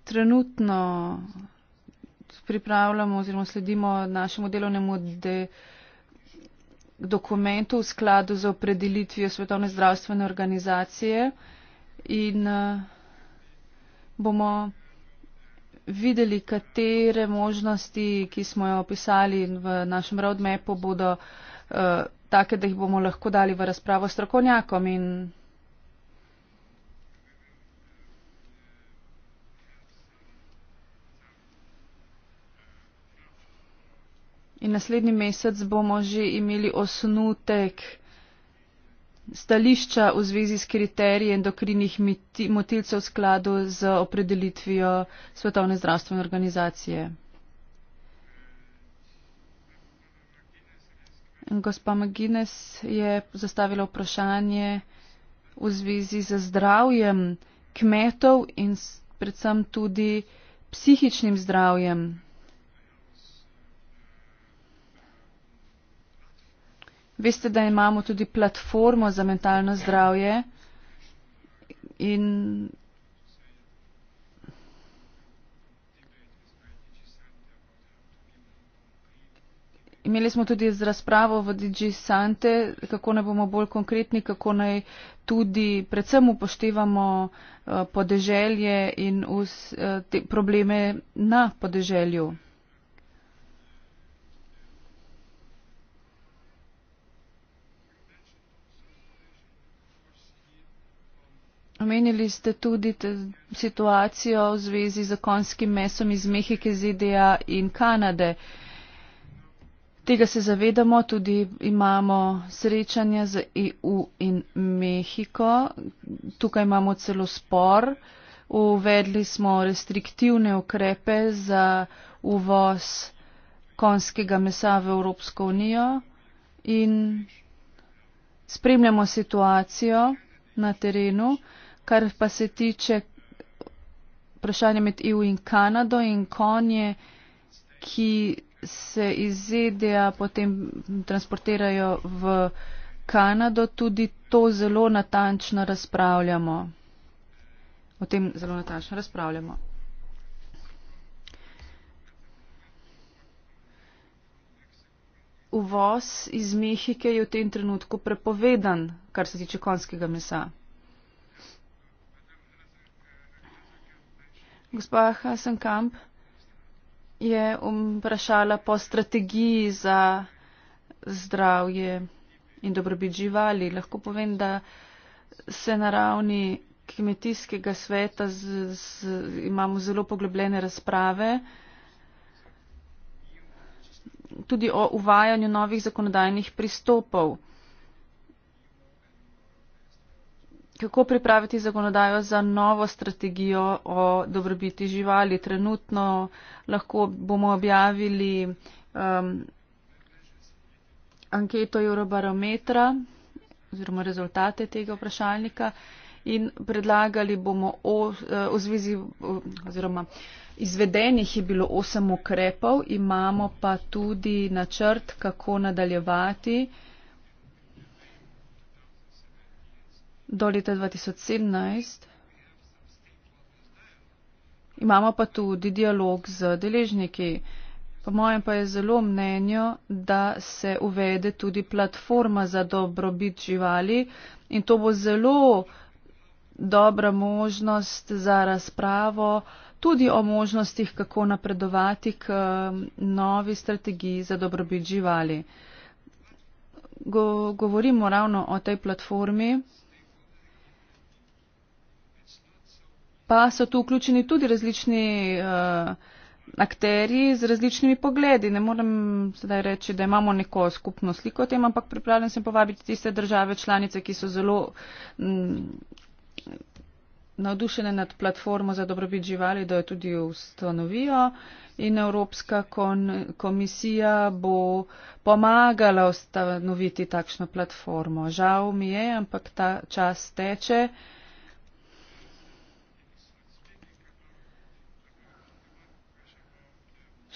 trenutno pripravljamo oziroma sledimo našemu delovnemu de dokumentu v skladu z opredelitvijo Svetovne zdravstvene organizacije in eh, bomo videli, katere možnosti, ki smo jo opisali v našem roadmapu, bodo uh, take, da jih bomo lahko dali v razpravo strokovnjakom in in naslednji mesec bomo že imeli osnutek stališča v zvezi s kriteriji endokrinih motilcev v skladu z opredelitvijo Svetovne zdravstvene organizacije. Gospa Magines je zastavila vprašanje v zvezi z zdravjem kmetov in predvsem tudi psihičnim zdravjem Veste, da imamo tudi platformo za mentalno zdravje in imeli smo tudi z razpravo v DigiSante, kako naj bomo bolj konkretni, kako naj tudi predvsem upoštevamo eh, podeželje in vse eh, te probleme na podeželju. Omenili ste tudi situacijo v zvezi z konjskim mesom iz Mehike, ZDA in Kanade. Tega se zavedamo, tudi imamo srečanja z EU in Mehiko. Tukaj imamo celo spor. Uvedli smo restriktivne ukrepe za uvoz konjskega mesa v Evropsko unijo in spremljamo situacijo na terenu. Kar pa se tiče vprašanja med EU in Kanado in konje, ki se iz ZDA potem transportirajo v Kanado, tudi to zelo natančno razpravljamo. O tem zelo natančno razpravljamo. Uvoz iz Mehike je v tem trenutku prepovedan, kar se tiče konskega mesa. Gospa Hasan Kamp je vprašala po strategiji za zdravje in dobrobit živali. Lahko povem, da se na ravni kmetijskega sveta z, z, imamo zelo poglobljene razprave. Tudi o uvajanju novih zakonodajnih pristopov. kako pripraviti zakonodajo za novo strategijo o dobrobiti živali. Trenutno lahko bomo objavili um, anketo Eurobarometra oziroma rezultate tega vprašalnika in predlagali bomo o, o eh, zvezi oziroma izvedenih je bilo osem ukrepov, imamo pa tudi načrt, kako nadaljevati. do leta 2017. Imamo pa tudi dialog z deležniki. Po mojem pa je zelo mnenjo, da se uvede tudi platforma za dobrobit živali in to bo zelo dobra možnost za razpravo tudi o možnostih, kako napredovati k novi strategiji za dobrobit živali. Go, govorimo ravno o tej platformi. pa so tu vključeni tudi različni uh, eh, akteri z različnimi pogledi. Ne morem sedaj reči, da imamo neko skupno sliko o tem, ampak pripravljen sem povabiti tiste države članice, ki so zelo m, mm, navdušene nad platformo za dobrobit živali, da jo tudi ustanovijo. In Evropska kon, komisija bo pomagala ustanoviti takšno platformo. Žal mi je, ampak ta čas teče. Uh,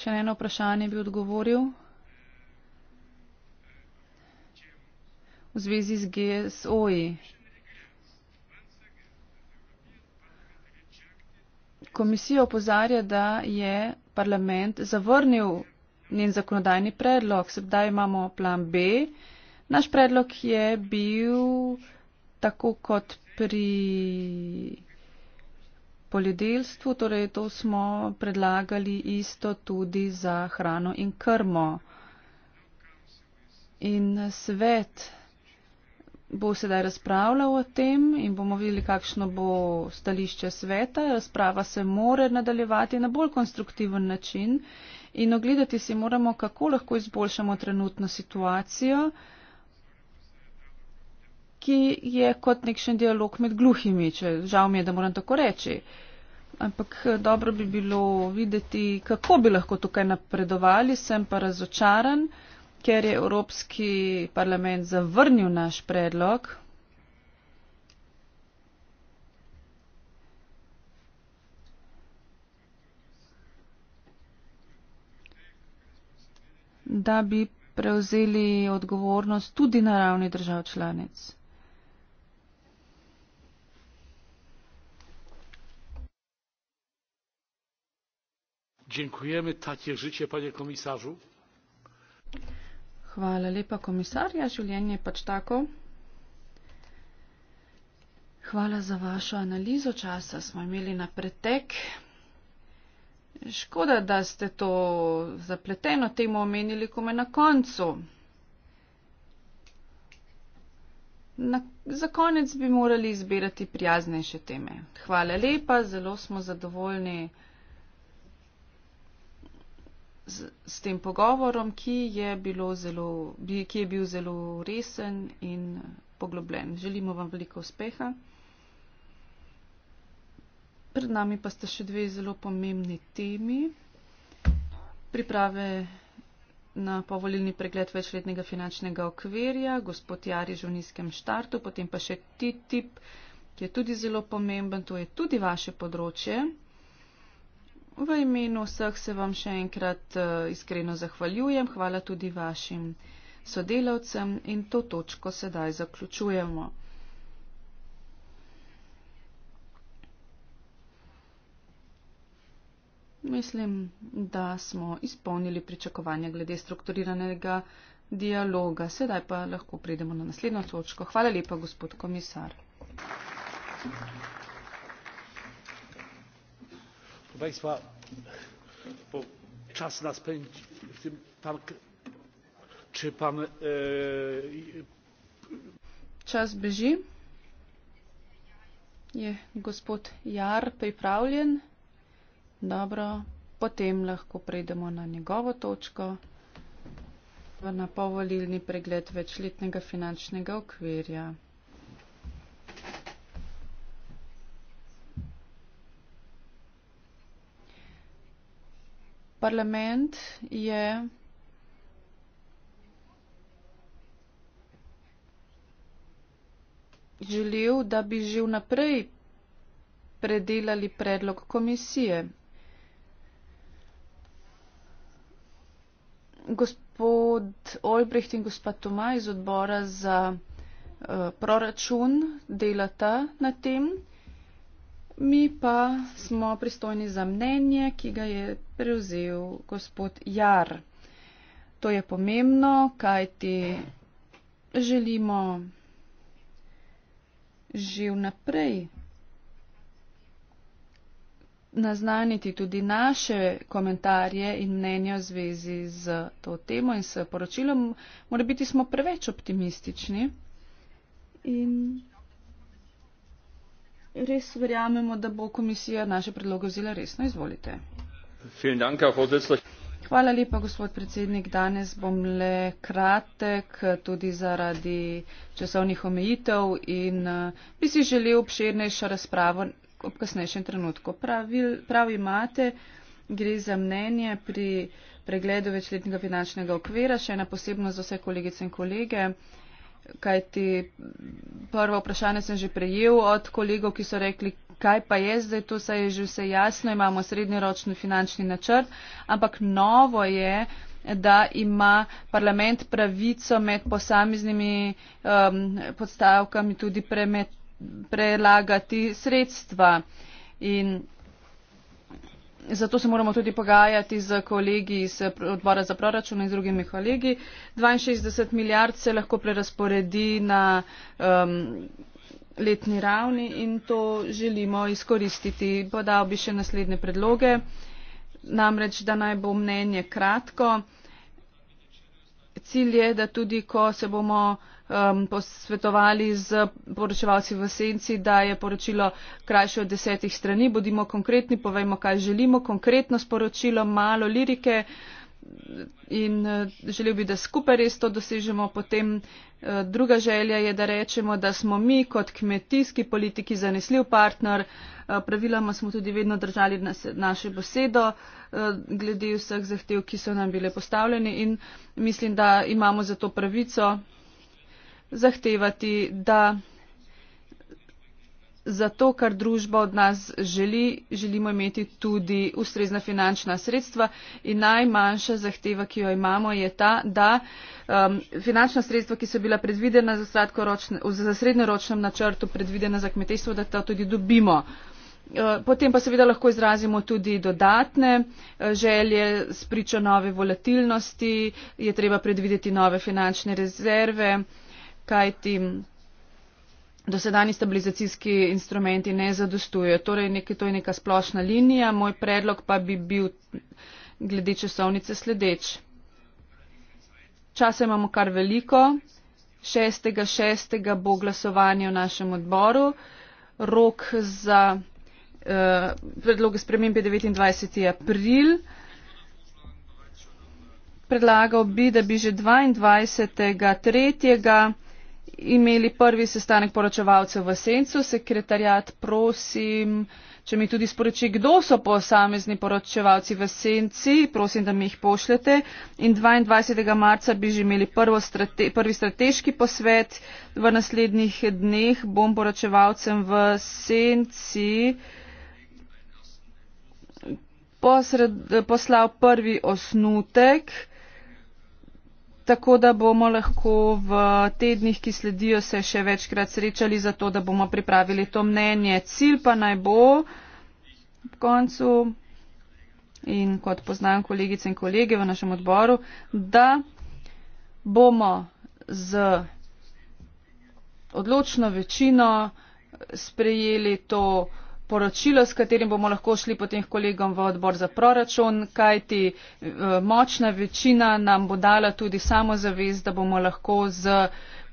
Še eno vprašanje bi odgovoril. V zvezi z GSO-ji. Komisija opozarja, da je parlament zavrnil njen zakonodajni predlog. Sedaj imamo plan B. Naš predlog je bil tako kot pri poljedelstvu, torej to smo predlagali isto tudi za hrano in krmo. In svet bo sedaj razpravljal o tem in bomo videli, kakšno bo stališče sveta. Razprava se more nadaljevati na bolj konstruktiven način in ogledati si moramo, kako lahko izboljšamo trenutno situacijo ki je kot nekšen dialog med gluhimi, če žal mi je, da moram tako reči. Ampak eh, dobro bi bilo videti, kako bi lahko tukaj napredovali, sem pa razočaran, ker je Evropski parlament zavrnil naš predlog. da bi prevzeli odgovornost tudi na ravni držav članic. dziękujemy takie życie panie komisarzu Hvala lepa, komisar. Ja, življenje je pač tako. Hvala za vašo analizo časa. Smo imeli na pretek. Škoda, da ste to zapleteno temo omenili, ko me na koncu. Na, za konec bi morali izbirati prijaznejše teme. Hvala lepa, zelo smo zadovoljni z, s tem pogovorom, ki je, zelo, ki je bil zelo resen in poglobljen. Želimo vam veliko uspeha. Pred nami pa sta še dve zelo pomembni temi. Priprave na povoljni pregled večletnega finančnega okvirja, gospod Jari že v nizkem štartu, potem pa še TTIP, ki je tudi zelo pomemben, to je tudi vaše področje. V imenu vseh se vam še enkrat eh, iskreno zahvaljujem, hvala tudi vašim sodelavcem in to točko sedaj zaključujemo. Mislim, da smo izpolnili pričakovanja glede strukturiranega dialoga. Sedaj pa lahko pridemo na naslednjo točko. Hvala lepa, gospod komisar. Thank you państwa bo czas nas pędzi czy pan e, czas beży je gospod jar pripravljen dobro potem lahko prejdemo na njegovo točko v napovolilni pregled večletnega finančnega okvirja parlament je želel, da bi že vnaprej predelali predlog komisije. Gospod Olbricht in gospod Tomaj iz odbora za uh, proračun delata na tem mi pa smo pristojni za mnenje, ki ga je prevzel gospod Jar. To je pomembno, kajti želimo že vnaprej naznaniti tudi naše komentarje in mnenje v zvezi z to temo in s poročilom. Morda biti smo preveč optimistični. In res verjamemo, da bo komisija naše predloge vzela resno. Izvolite. Hvala lepa, gospod predsednik. Danes bom le kratek, tudi zaradi časovnih omejitev in eh, bi si želel obširnejšo razpravo ob kasnejšem trenutku. Pravil, prav imate, gre za mnenje pri pregledu večletnega finančnega okvira, še ena posebnost za vse kolegice in kolege kaj ti prvo vprašanje sem že prejel od kolegov, ki so rekli, kaj pa je zdaj, tu se je že vse jasno, imamo srednjeročni finančni načrt, ampak novo je, da ima parlament pravico med posameznimi um, podstavkami tudi premet, prelagati sredstva. In zato se moramo tudi pogajati z kolegi iz odbora za proračun in z drugimi kolegi. 62 milijard se lahko prerasporedi na um, letni ravni in to želimo izkoristiti. Podal bi še naslednje predloge, namreč, da naj bo mnenje kratko. Cilj je, da tudi, ko se bomo um, posvetovali z poročevalci v senci, da je poročilo krajše od desetih strani. Bodimo konkretni, povejmo, kaj želimo. Konkretno sporočilo, malo lirike in uh, želel bi, da skupaj res to dosežemo. Potem uh, druga želja je, da rečemo, da smo mi kot kmetijski politiki zanesljiv partner. Uh, praviloma smo tudi vedno držali naše besedo uh, glede vseh zahtev, ki so nam bile postavljene in mislim, da imamo za to pravico zahtevati, da za to, kar družba od nas želi, želimo imeti tudi ustrezna finančna sredstva in najmanjša zahteva, ki jo imamo, je ta, da um, finančna sredstva, ki so bila predvidena za, za srednjeročnem načrtu, predvidena za kmetijstvo, da to tudi dobimo. Uh, potem pa seveda lahko izrazimo tudi dodatne uh, želje, spričo nove volatilnosti, je treba predvideti nove finančne rezerve kajti dosedani stabilizacijski instrumenti ne zadostujejo. Torej, nekaj, to je neka splošna linija. Moj predlog pa bi bil glede časovnice sledeč. Časa imamo kar veliko. 6.6. bo glasovanje v našem odboru. Rok za uh, predloge spremembe je 29. april. Predlagal bi, da bi že 22.3 imeli prvi sestanek poročevalcev v Sencu. Sekretarjat, prosim, če mi tudi sporoči, kdo so posamezni poročevalci v Senci, prosim, da mi jih pošljete. In 22. marca bi že imeli strate, prvi strateški posvet. V naslednjih dneh bom poročevalcem v Senci posred, poslal prvi osnutek tako da bomo lahko v tednih, ki sledijo, se še večkrat srečali za to, da bomo pripravili to mnenje. Cilj pa naj bo v koncu in kot poznam kolegice in kolege v našem odboru, da bomo z odločno večino sprejeli to poročilo, s katerim bomo lahko šli potem kolegom v odbor za proračun, kajti eh, močna večina nam bo dala tudi samozavez, da bomo lahko z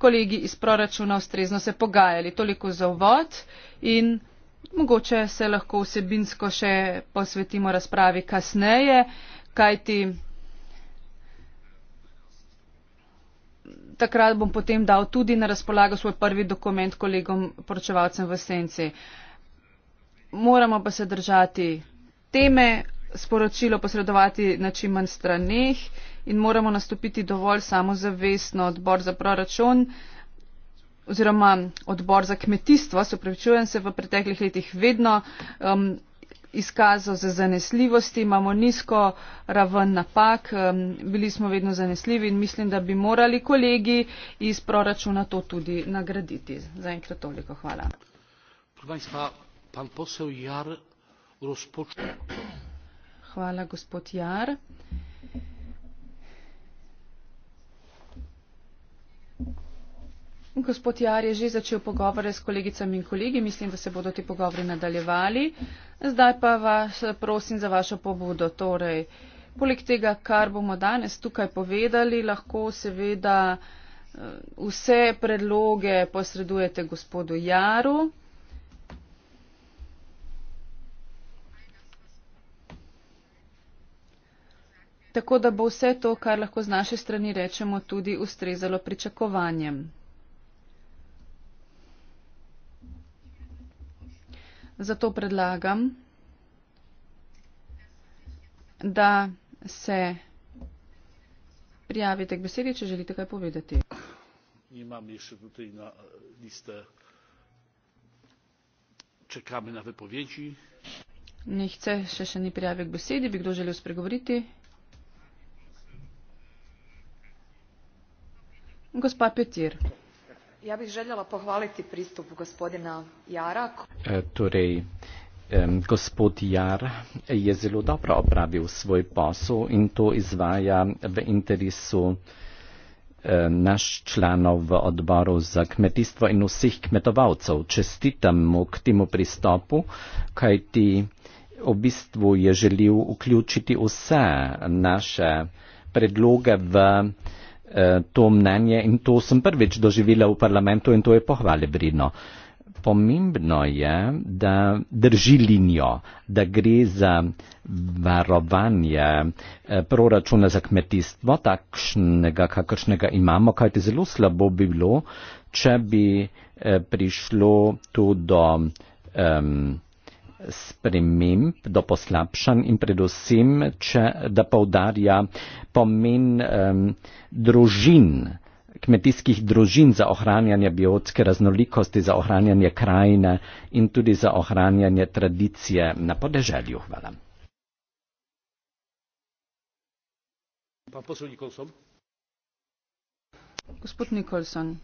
kolegi iz proračuna ustrezno se pogajali. Toliko za uvod in mogoče se lahko vsebinsko še posvetimo razpravi kasneje, kajti takrat bom potem dal tudi na razpolago svoj prvi dokument kolegom poročevalcem v senci. Uh, moramo pa se držati teme, sporočilo posredovati na čim manj straneh in moramo nastopiti dovolj samozavestno odbor za proračun oziroma odbor za kmetijstvo, se upravičujem se, v preteklih letih vedno um, izkazal za zanesljivosti, imamo nizko raven napak, um, bili smo vedno zanesljivi in mislim, da bi morali kolegi iz proračuna to tudi nagraditi. Za enkrat toliko, hvala. Prvajspa pan poseł Jar rozpoczął. Chwała gospod Jar. Gospod Jar je že začel pogovore s kolegicami in kolegi, mislim, da se bodo ti pogovori nadaljevali. Zdaj pa vas prosim za vašo pobudo. Torej, poleg tega, kar bomo danes tukaj povedali, lahko seveda eh, vse predloge posredujete gospodu Jaru. tako da bo vse to, kar lahko z naše strani rečemo, tudi ustrezalo pričakovanjem. Zato predlagam, da se prijavite k besedi, če želite kaj povedati. Imam jih še tudi na e, liste. Čekame na vepoveči. Nihče še, še ni prijavil k besedi. Bi kdo želel spregovoriti? ja bih željela pohvaliti pristup gospodina jara e, torej gospod jar je zelo dobro opravil svoj posel in to izvaja v interesu e, naš članov v odboru za kmetijstvo in vseh kmetovalcev. Čestitam mu k temu pristopu, kajti v bistvu je želel vključiti vse naše predloge v eh, Eh, to mnenje in to sem prvič doživela v parlamentu in to je pohvale vredno. Pomembno je, da drži linijo, da gre za varovanje eh, proračuna za kmetijstvo, takšnega, kakršnega imamo, kajti zelo slabo bi bilo, če bi eh, prišlo tu do. Um, sprememb, do poslabšanj in predvsem, če, da povdarja pomen um, družin, kmetijskih družin za ohranjanje biotske raznolikosti, za ohranjanje krajine in tudi za ohranjanje tradicije na podeželju. Hvala. Gospod Nikolson.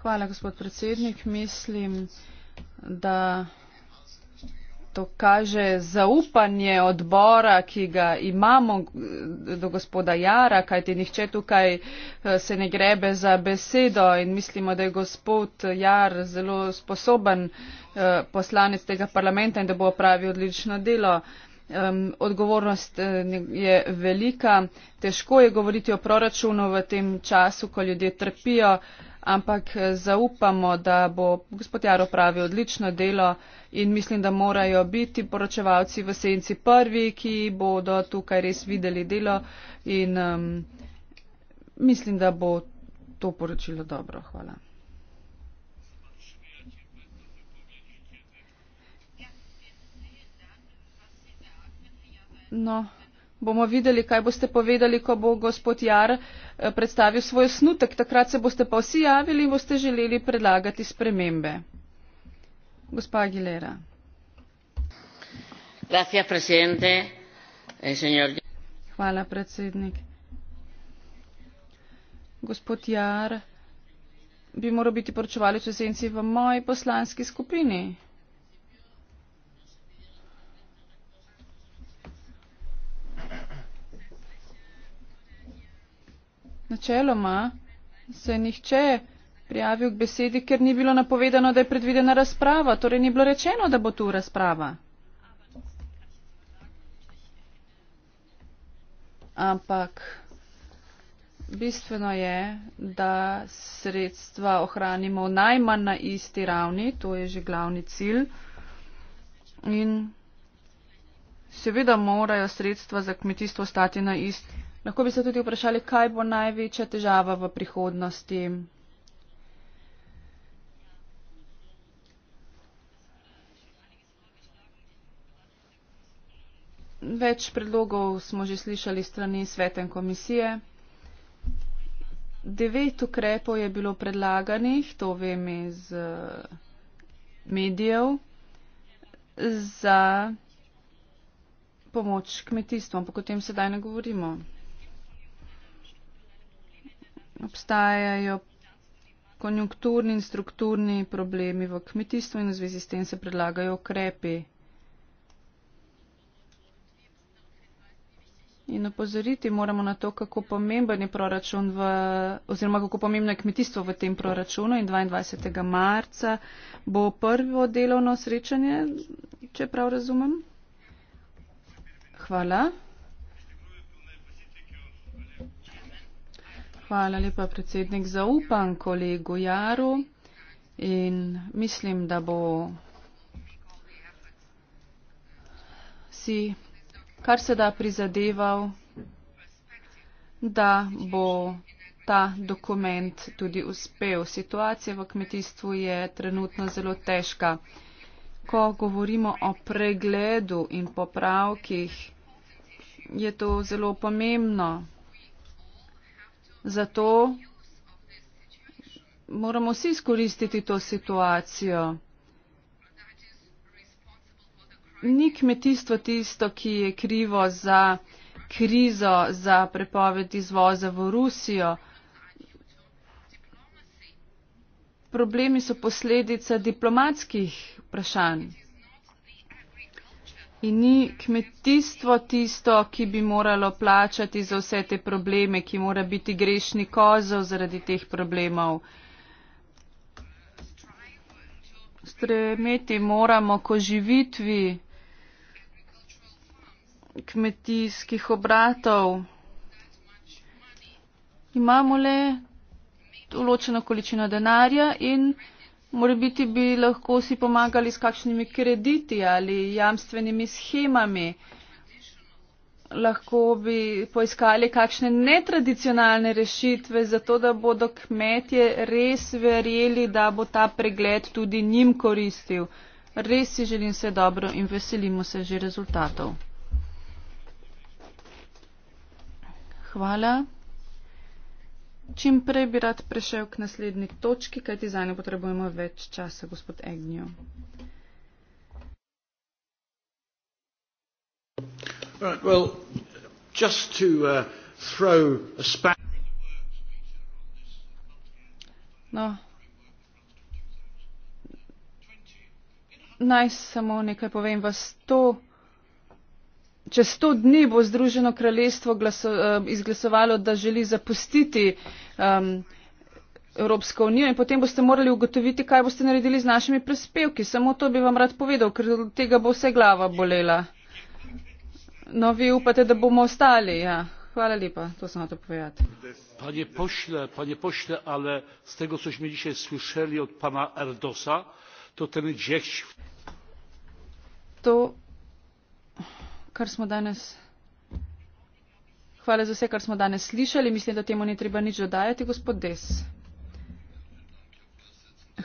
Hvala, gospod predsednik. Mislim, da to kaže zaupanje odbora, ki ga imamo eh, do gospoda Jara, kajti nihče tukaj eh, se ne grebe za besedo in mislimo, da je gospod Jar zelo sposoben eh, poslanec tega parlamenta in da bo opravil odlično delo. Odgovornost je velika. Težko je govoriti o proračunu v tem času, ko ljudje trpijo, ampak eh, zaupamo, da bo gospod Jaro pravi odlično delo in mislim, da morajo biti poročevalci v senci prvi, ki bodo tukaj res videli delo in um, mislim, da bo to poročilo dobro. Hvala. No. Bomo videli, kaj boste povedali, ko bo gospod Jar eh, predstavil svoj snutek. Takrat se boste pa vsi javili in boste želeli predlagati spremembe. Gospa Aguilera. Eh, Hvala, predsednik. Gospod Jar bi moral biti poročevalec v senci v moji poslanski skupini. Načeloma se nihče prijavil k besedi, ker ni bilo napovedano, da je predvidena razprava. Torej ni bilo rečeno, da bo tu razprava. Ampak bistveno je, da sredstva ohranimo najmanj na isti ravni, to je že glavni cilj. In seveda morajo sredstva za kmetijstvo stati na isti ravni. Lahko bi se tudi vprašali, kaj bo največja težava v prihodnosti. Več predlogov smo že slišali strani svetem komisije. Devet ukrepov je bilo predlaganih, to vem iz eh, medijev, za pomoč kmetijstvom, pa potem sedaj ne govorimo obstajajo konjunkturni in strukturni problemi v kmetijstvu in v zvezi s tem se predlagajo ukrepi. In opozoriti moramo na to, kako pomemben je proračun v, oziroma kako pomembno je kmetijstvo v tem proračunu in 22. marca bo prvo delovno srečanje, če prav razumem. Hvala. Hvala lepa, predsednik. Zaupam kolegu Jaru in mislim, da bo si kar se da prizadeval, da bo ta dokument tudi uspel. Situacija v kmetijstvu je trenutno zelo težka. Ko govorimo o pregledu in popravkih, je to zelo pomembno. Zato moramo vsi izkoristiti to situacijo. Ni kmetijstvo tisto, ki je krivo za krizo, za prepoved izvoza v Rusijo. Problemi so posledica diplomatskih vprašanj in ni kmetijstvo tisto, ki bi moralo plačati za vse te probleme, ki mora biti grešni kozel zaradi teh problemov. Stremeti moramo ko živitvi kmetijskih obratov. Imamo le določeno količino denarja in Mora biti bi lahko si pomagali s kakšnimi krediti ali jamstvenimi schemami. Lahko bi poiskali kakšne netradicionalne rešitve, zato da bodo kmetje res verjeli, da bo ta pregled tudi njim koristil. Res si želim vse dobro in veselimo se že rezultatov. Hvala čim prej bi rad prešel k naslednji točki, kajti zanjo potrebujemo več časa, gospod Egnjo. Right, well, just to uh, throw a span. No. Naj samo nekaj povem vas to. Čez sto dni bo Združeno kraljestvo glaso, eh, izglasovalo, da želi zapustiti um, Evropsko unijo in potem boste morali ugotoviti, kaj boste naredili z našimi prispevki. Samo to bi vam rad povedal, ker tega bo vse glava bolela. No, vi upate, da bomo ostali. Ja. Hvala lepa, to sem vam to povedal. Panie pošle, panie pošle, ale z tega, kar smo danes slišali od pana Erdosa, to ten džekš. To kar smo danes. Hvala za vse, kar smo danes slišali. Mislim, da temu ni treba nič dodajati, gospod Des.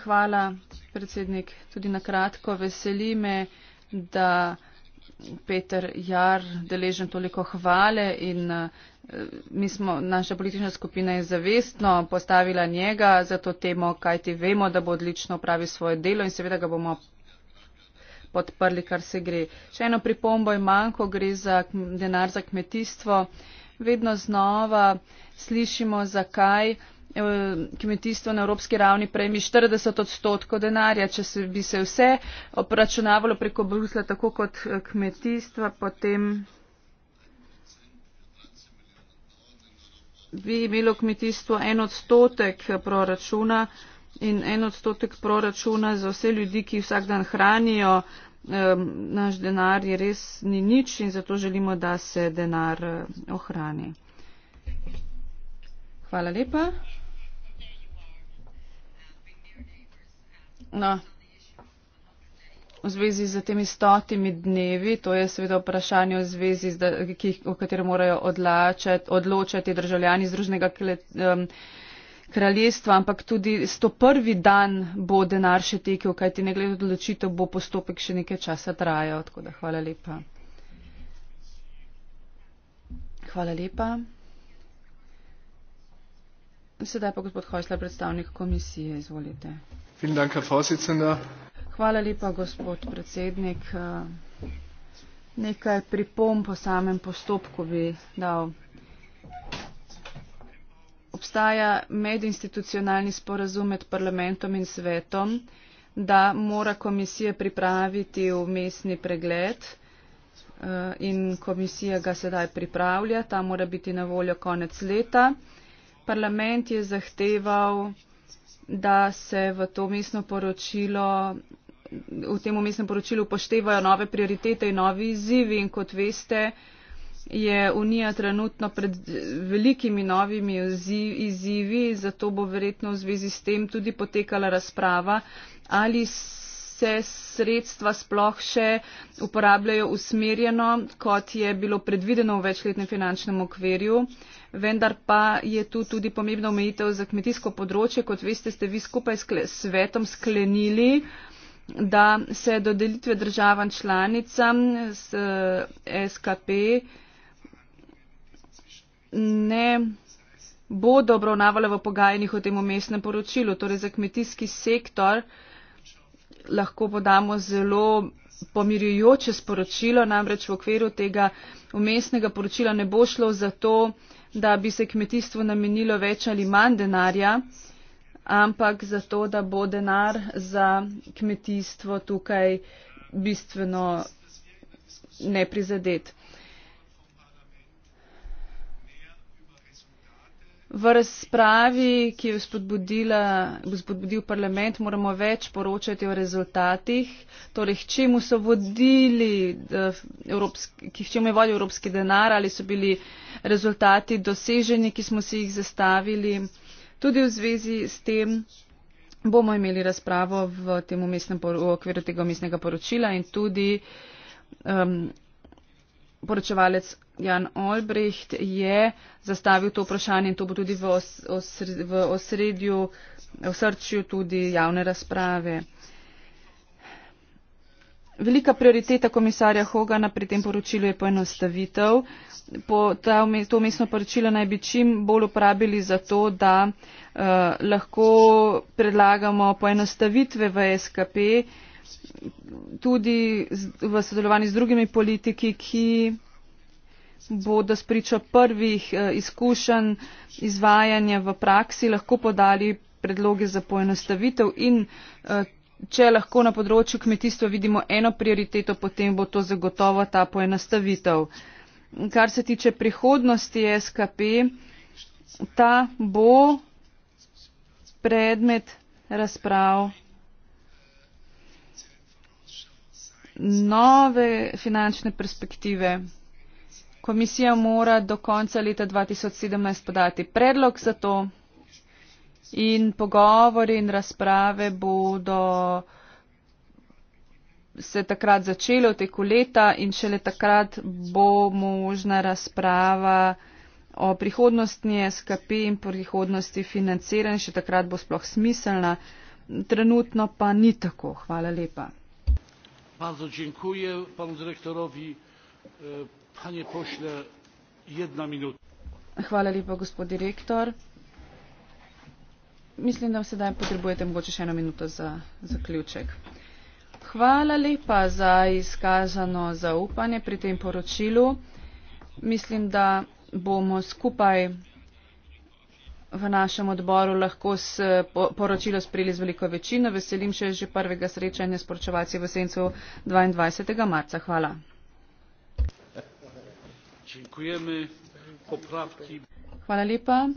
Hvala, predsednik, tudi na kratko. Veseli me, da Peter Jar deležen toliko hvale in eh, mi smo, naša politična skupina je zavestno postavila njega za to temo, kajti vemo, da bo odlično opravil svoje delo in seveda ga bomo podprli, kar se gre. Še eno pripombo imam, ko gre za denar za kmetijstvo. Vedno znova slišimo, zakaj eh, kmetijstvo na evropski ravni prejme 40 odstotkov denarja. Če se bi se vse opračunavalo preko Brusla, tako kot eh, kmetijstva, potem bi imelo kmetijstvo en odstotek eh, proračuna in en odstotek proračuna za vse ljudi, ki vsak dan hranijo. Naš denar je res ni nič in zato želimo, da se denar eh, ohrani. Hvala lepa. No. V zvezi z temi stotimi dnevi, to je seveda vprašanje v zvezi, z, ki, o katerem morajo odločati državljani Združenega kraljestva. Um, kraljestva, ampak tudi 101. dan bo denar še tekel, kajti ne glede odločitev bo postopek še nekaj časa trajal. Tako da hvala lepa. Hvala lepa. Sedaj pa gospod Hojsler, predstavnik komisije, izvolite. Dank, hvala lepa, gospod predsednik. Nekaj pripom po samem postopku bi dal obstaja medinstitucionalni sporazum med parlamentom in svetom, da mora komisija pripraviti umestni pregled eh, in komisija ga sedaj pripravlja. Ta mora biti na voljo konec leta. Parlament je zahteval, da se v, to poročilo, v tem umestnem poročilu upoštevajo nove prioritete in novi izzivi in kot veste, je Unija trenutno pred velikimi novimi izzivi, zato bo verjetno v zvezi s tem tudi potekala razprava, ali se sredstva sploh še uporabljajo usmerjeno, kot je bilo predvideno v večletnem finančnem okvirju. Vendar pa je tu tudi pomembna omejitev za kmetijsko področje. Kot veste, ste vi skupaj s svetom sklenili da se dodelitve državam članicam z eh, SKP ne bodo obravnavale v pogajanjih o tem umestnem poročilu. Torej za kmetijski sektor lahko podamo zelo pomirjujoče sporočilo, namreč v okviru tega umestnega poročila ne bo šlo za to, da bi se kmetijstvu namenilo več ali manj denarja, ampak za to, da bo denar za kmetijstvo tukaj bistveno neprizadet. V razpravi, ki jo spodbudil parlament, moramo več poročati o rezultatih, torej k čemu so vodili, eh, evropski, k čemu je vodil evropski denar, ali so bili rezultati doseženi, ki smo si jih zastavili. Tudi v zvezi s tem bomo imeli razpravo v, umestnem, v okviru tega umestnega poročila in tudi um, poročevalec Jan Olbricht je zastavil to vprašanje in to bo tudi v, osre, v osredju, v srčju tudi javne razprave. Velika prioriteta komisarja Hogana pri tem poročilu je poenostavitev. Po ta, to mestno poročilo naj bi čim bolj uporabili za to, da uh, lahko predlagamo poenostavitve v SKP tudi z, v sodelovanju z drugimi politiki, ki bodo spričo prvih eh, izkušenj izvajanja v praksi lahko podali predloge za poenostavitev in eh, če lahko na področju kmetijstva vidimo eno prioriteto, potem bo to zagotovo ta poenostavitev. Kar se tiče prihodnosti SKP, ta bo predmet razprav nove finančne perspektive 2014-2020. Komisija mora do konca leta 2017 podati predlog za to in pogovori in razprave bodo se takrat začele v teku leta in šele takrat bo možna razprava o prihodnosti SKP in prihodnosti financiranja, še takrat bo sploh smiselna. Trenutno pa ni tako. Hvala lepa. Bardzo dziękuję panu dyrektorowi. E, Hvala lepa, gospod direktor. Mislim, da sedaj potrebujete mogoče še eno minuto za zaključek. Hvala lepa za izkazano zaupanje pri tem poročilu. Mislim, da bomo skupaj v našem odboru lahko s poročilo sprejeli z veliko večino. Veselim se že prvega srečanja s poročevalci v Sencu 22. marca. Hvala. Hvala lepa.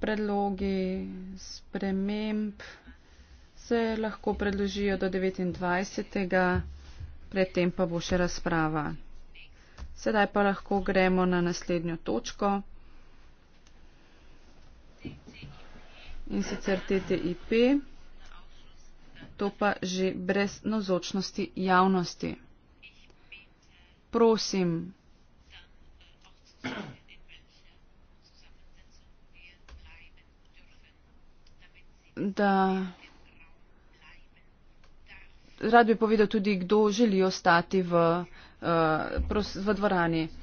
Predlogi sprememb se lahko predložijo do 29. Predtem pa bo še razprava. Sedaj pa lahko gremo na naslednjo točko. In sicer TTIP. To pa že brez nozočnosti javnosti. Prosim, da rad bi povedal tudi, kdo želi ostati v, uh, eh, pros, v dvorani.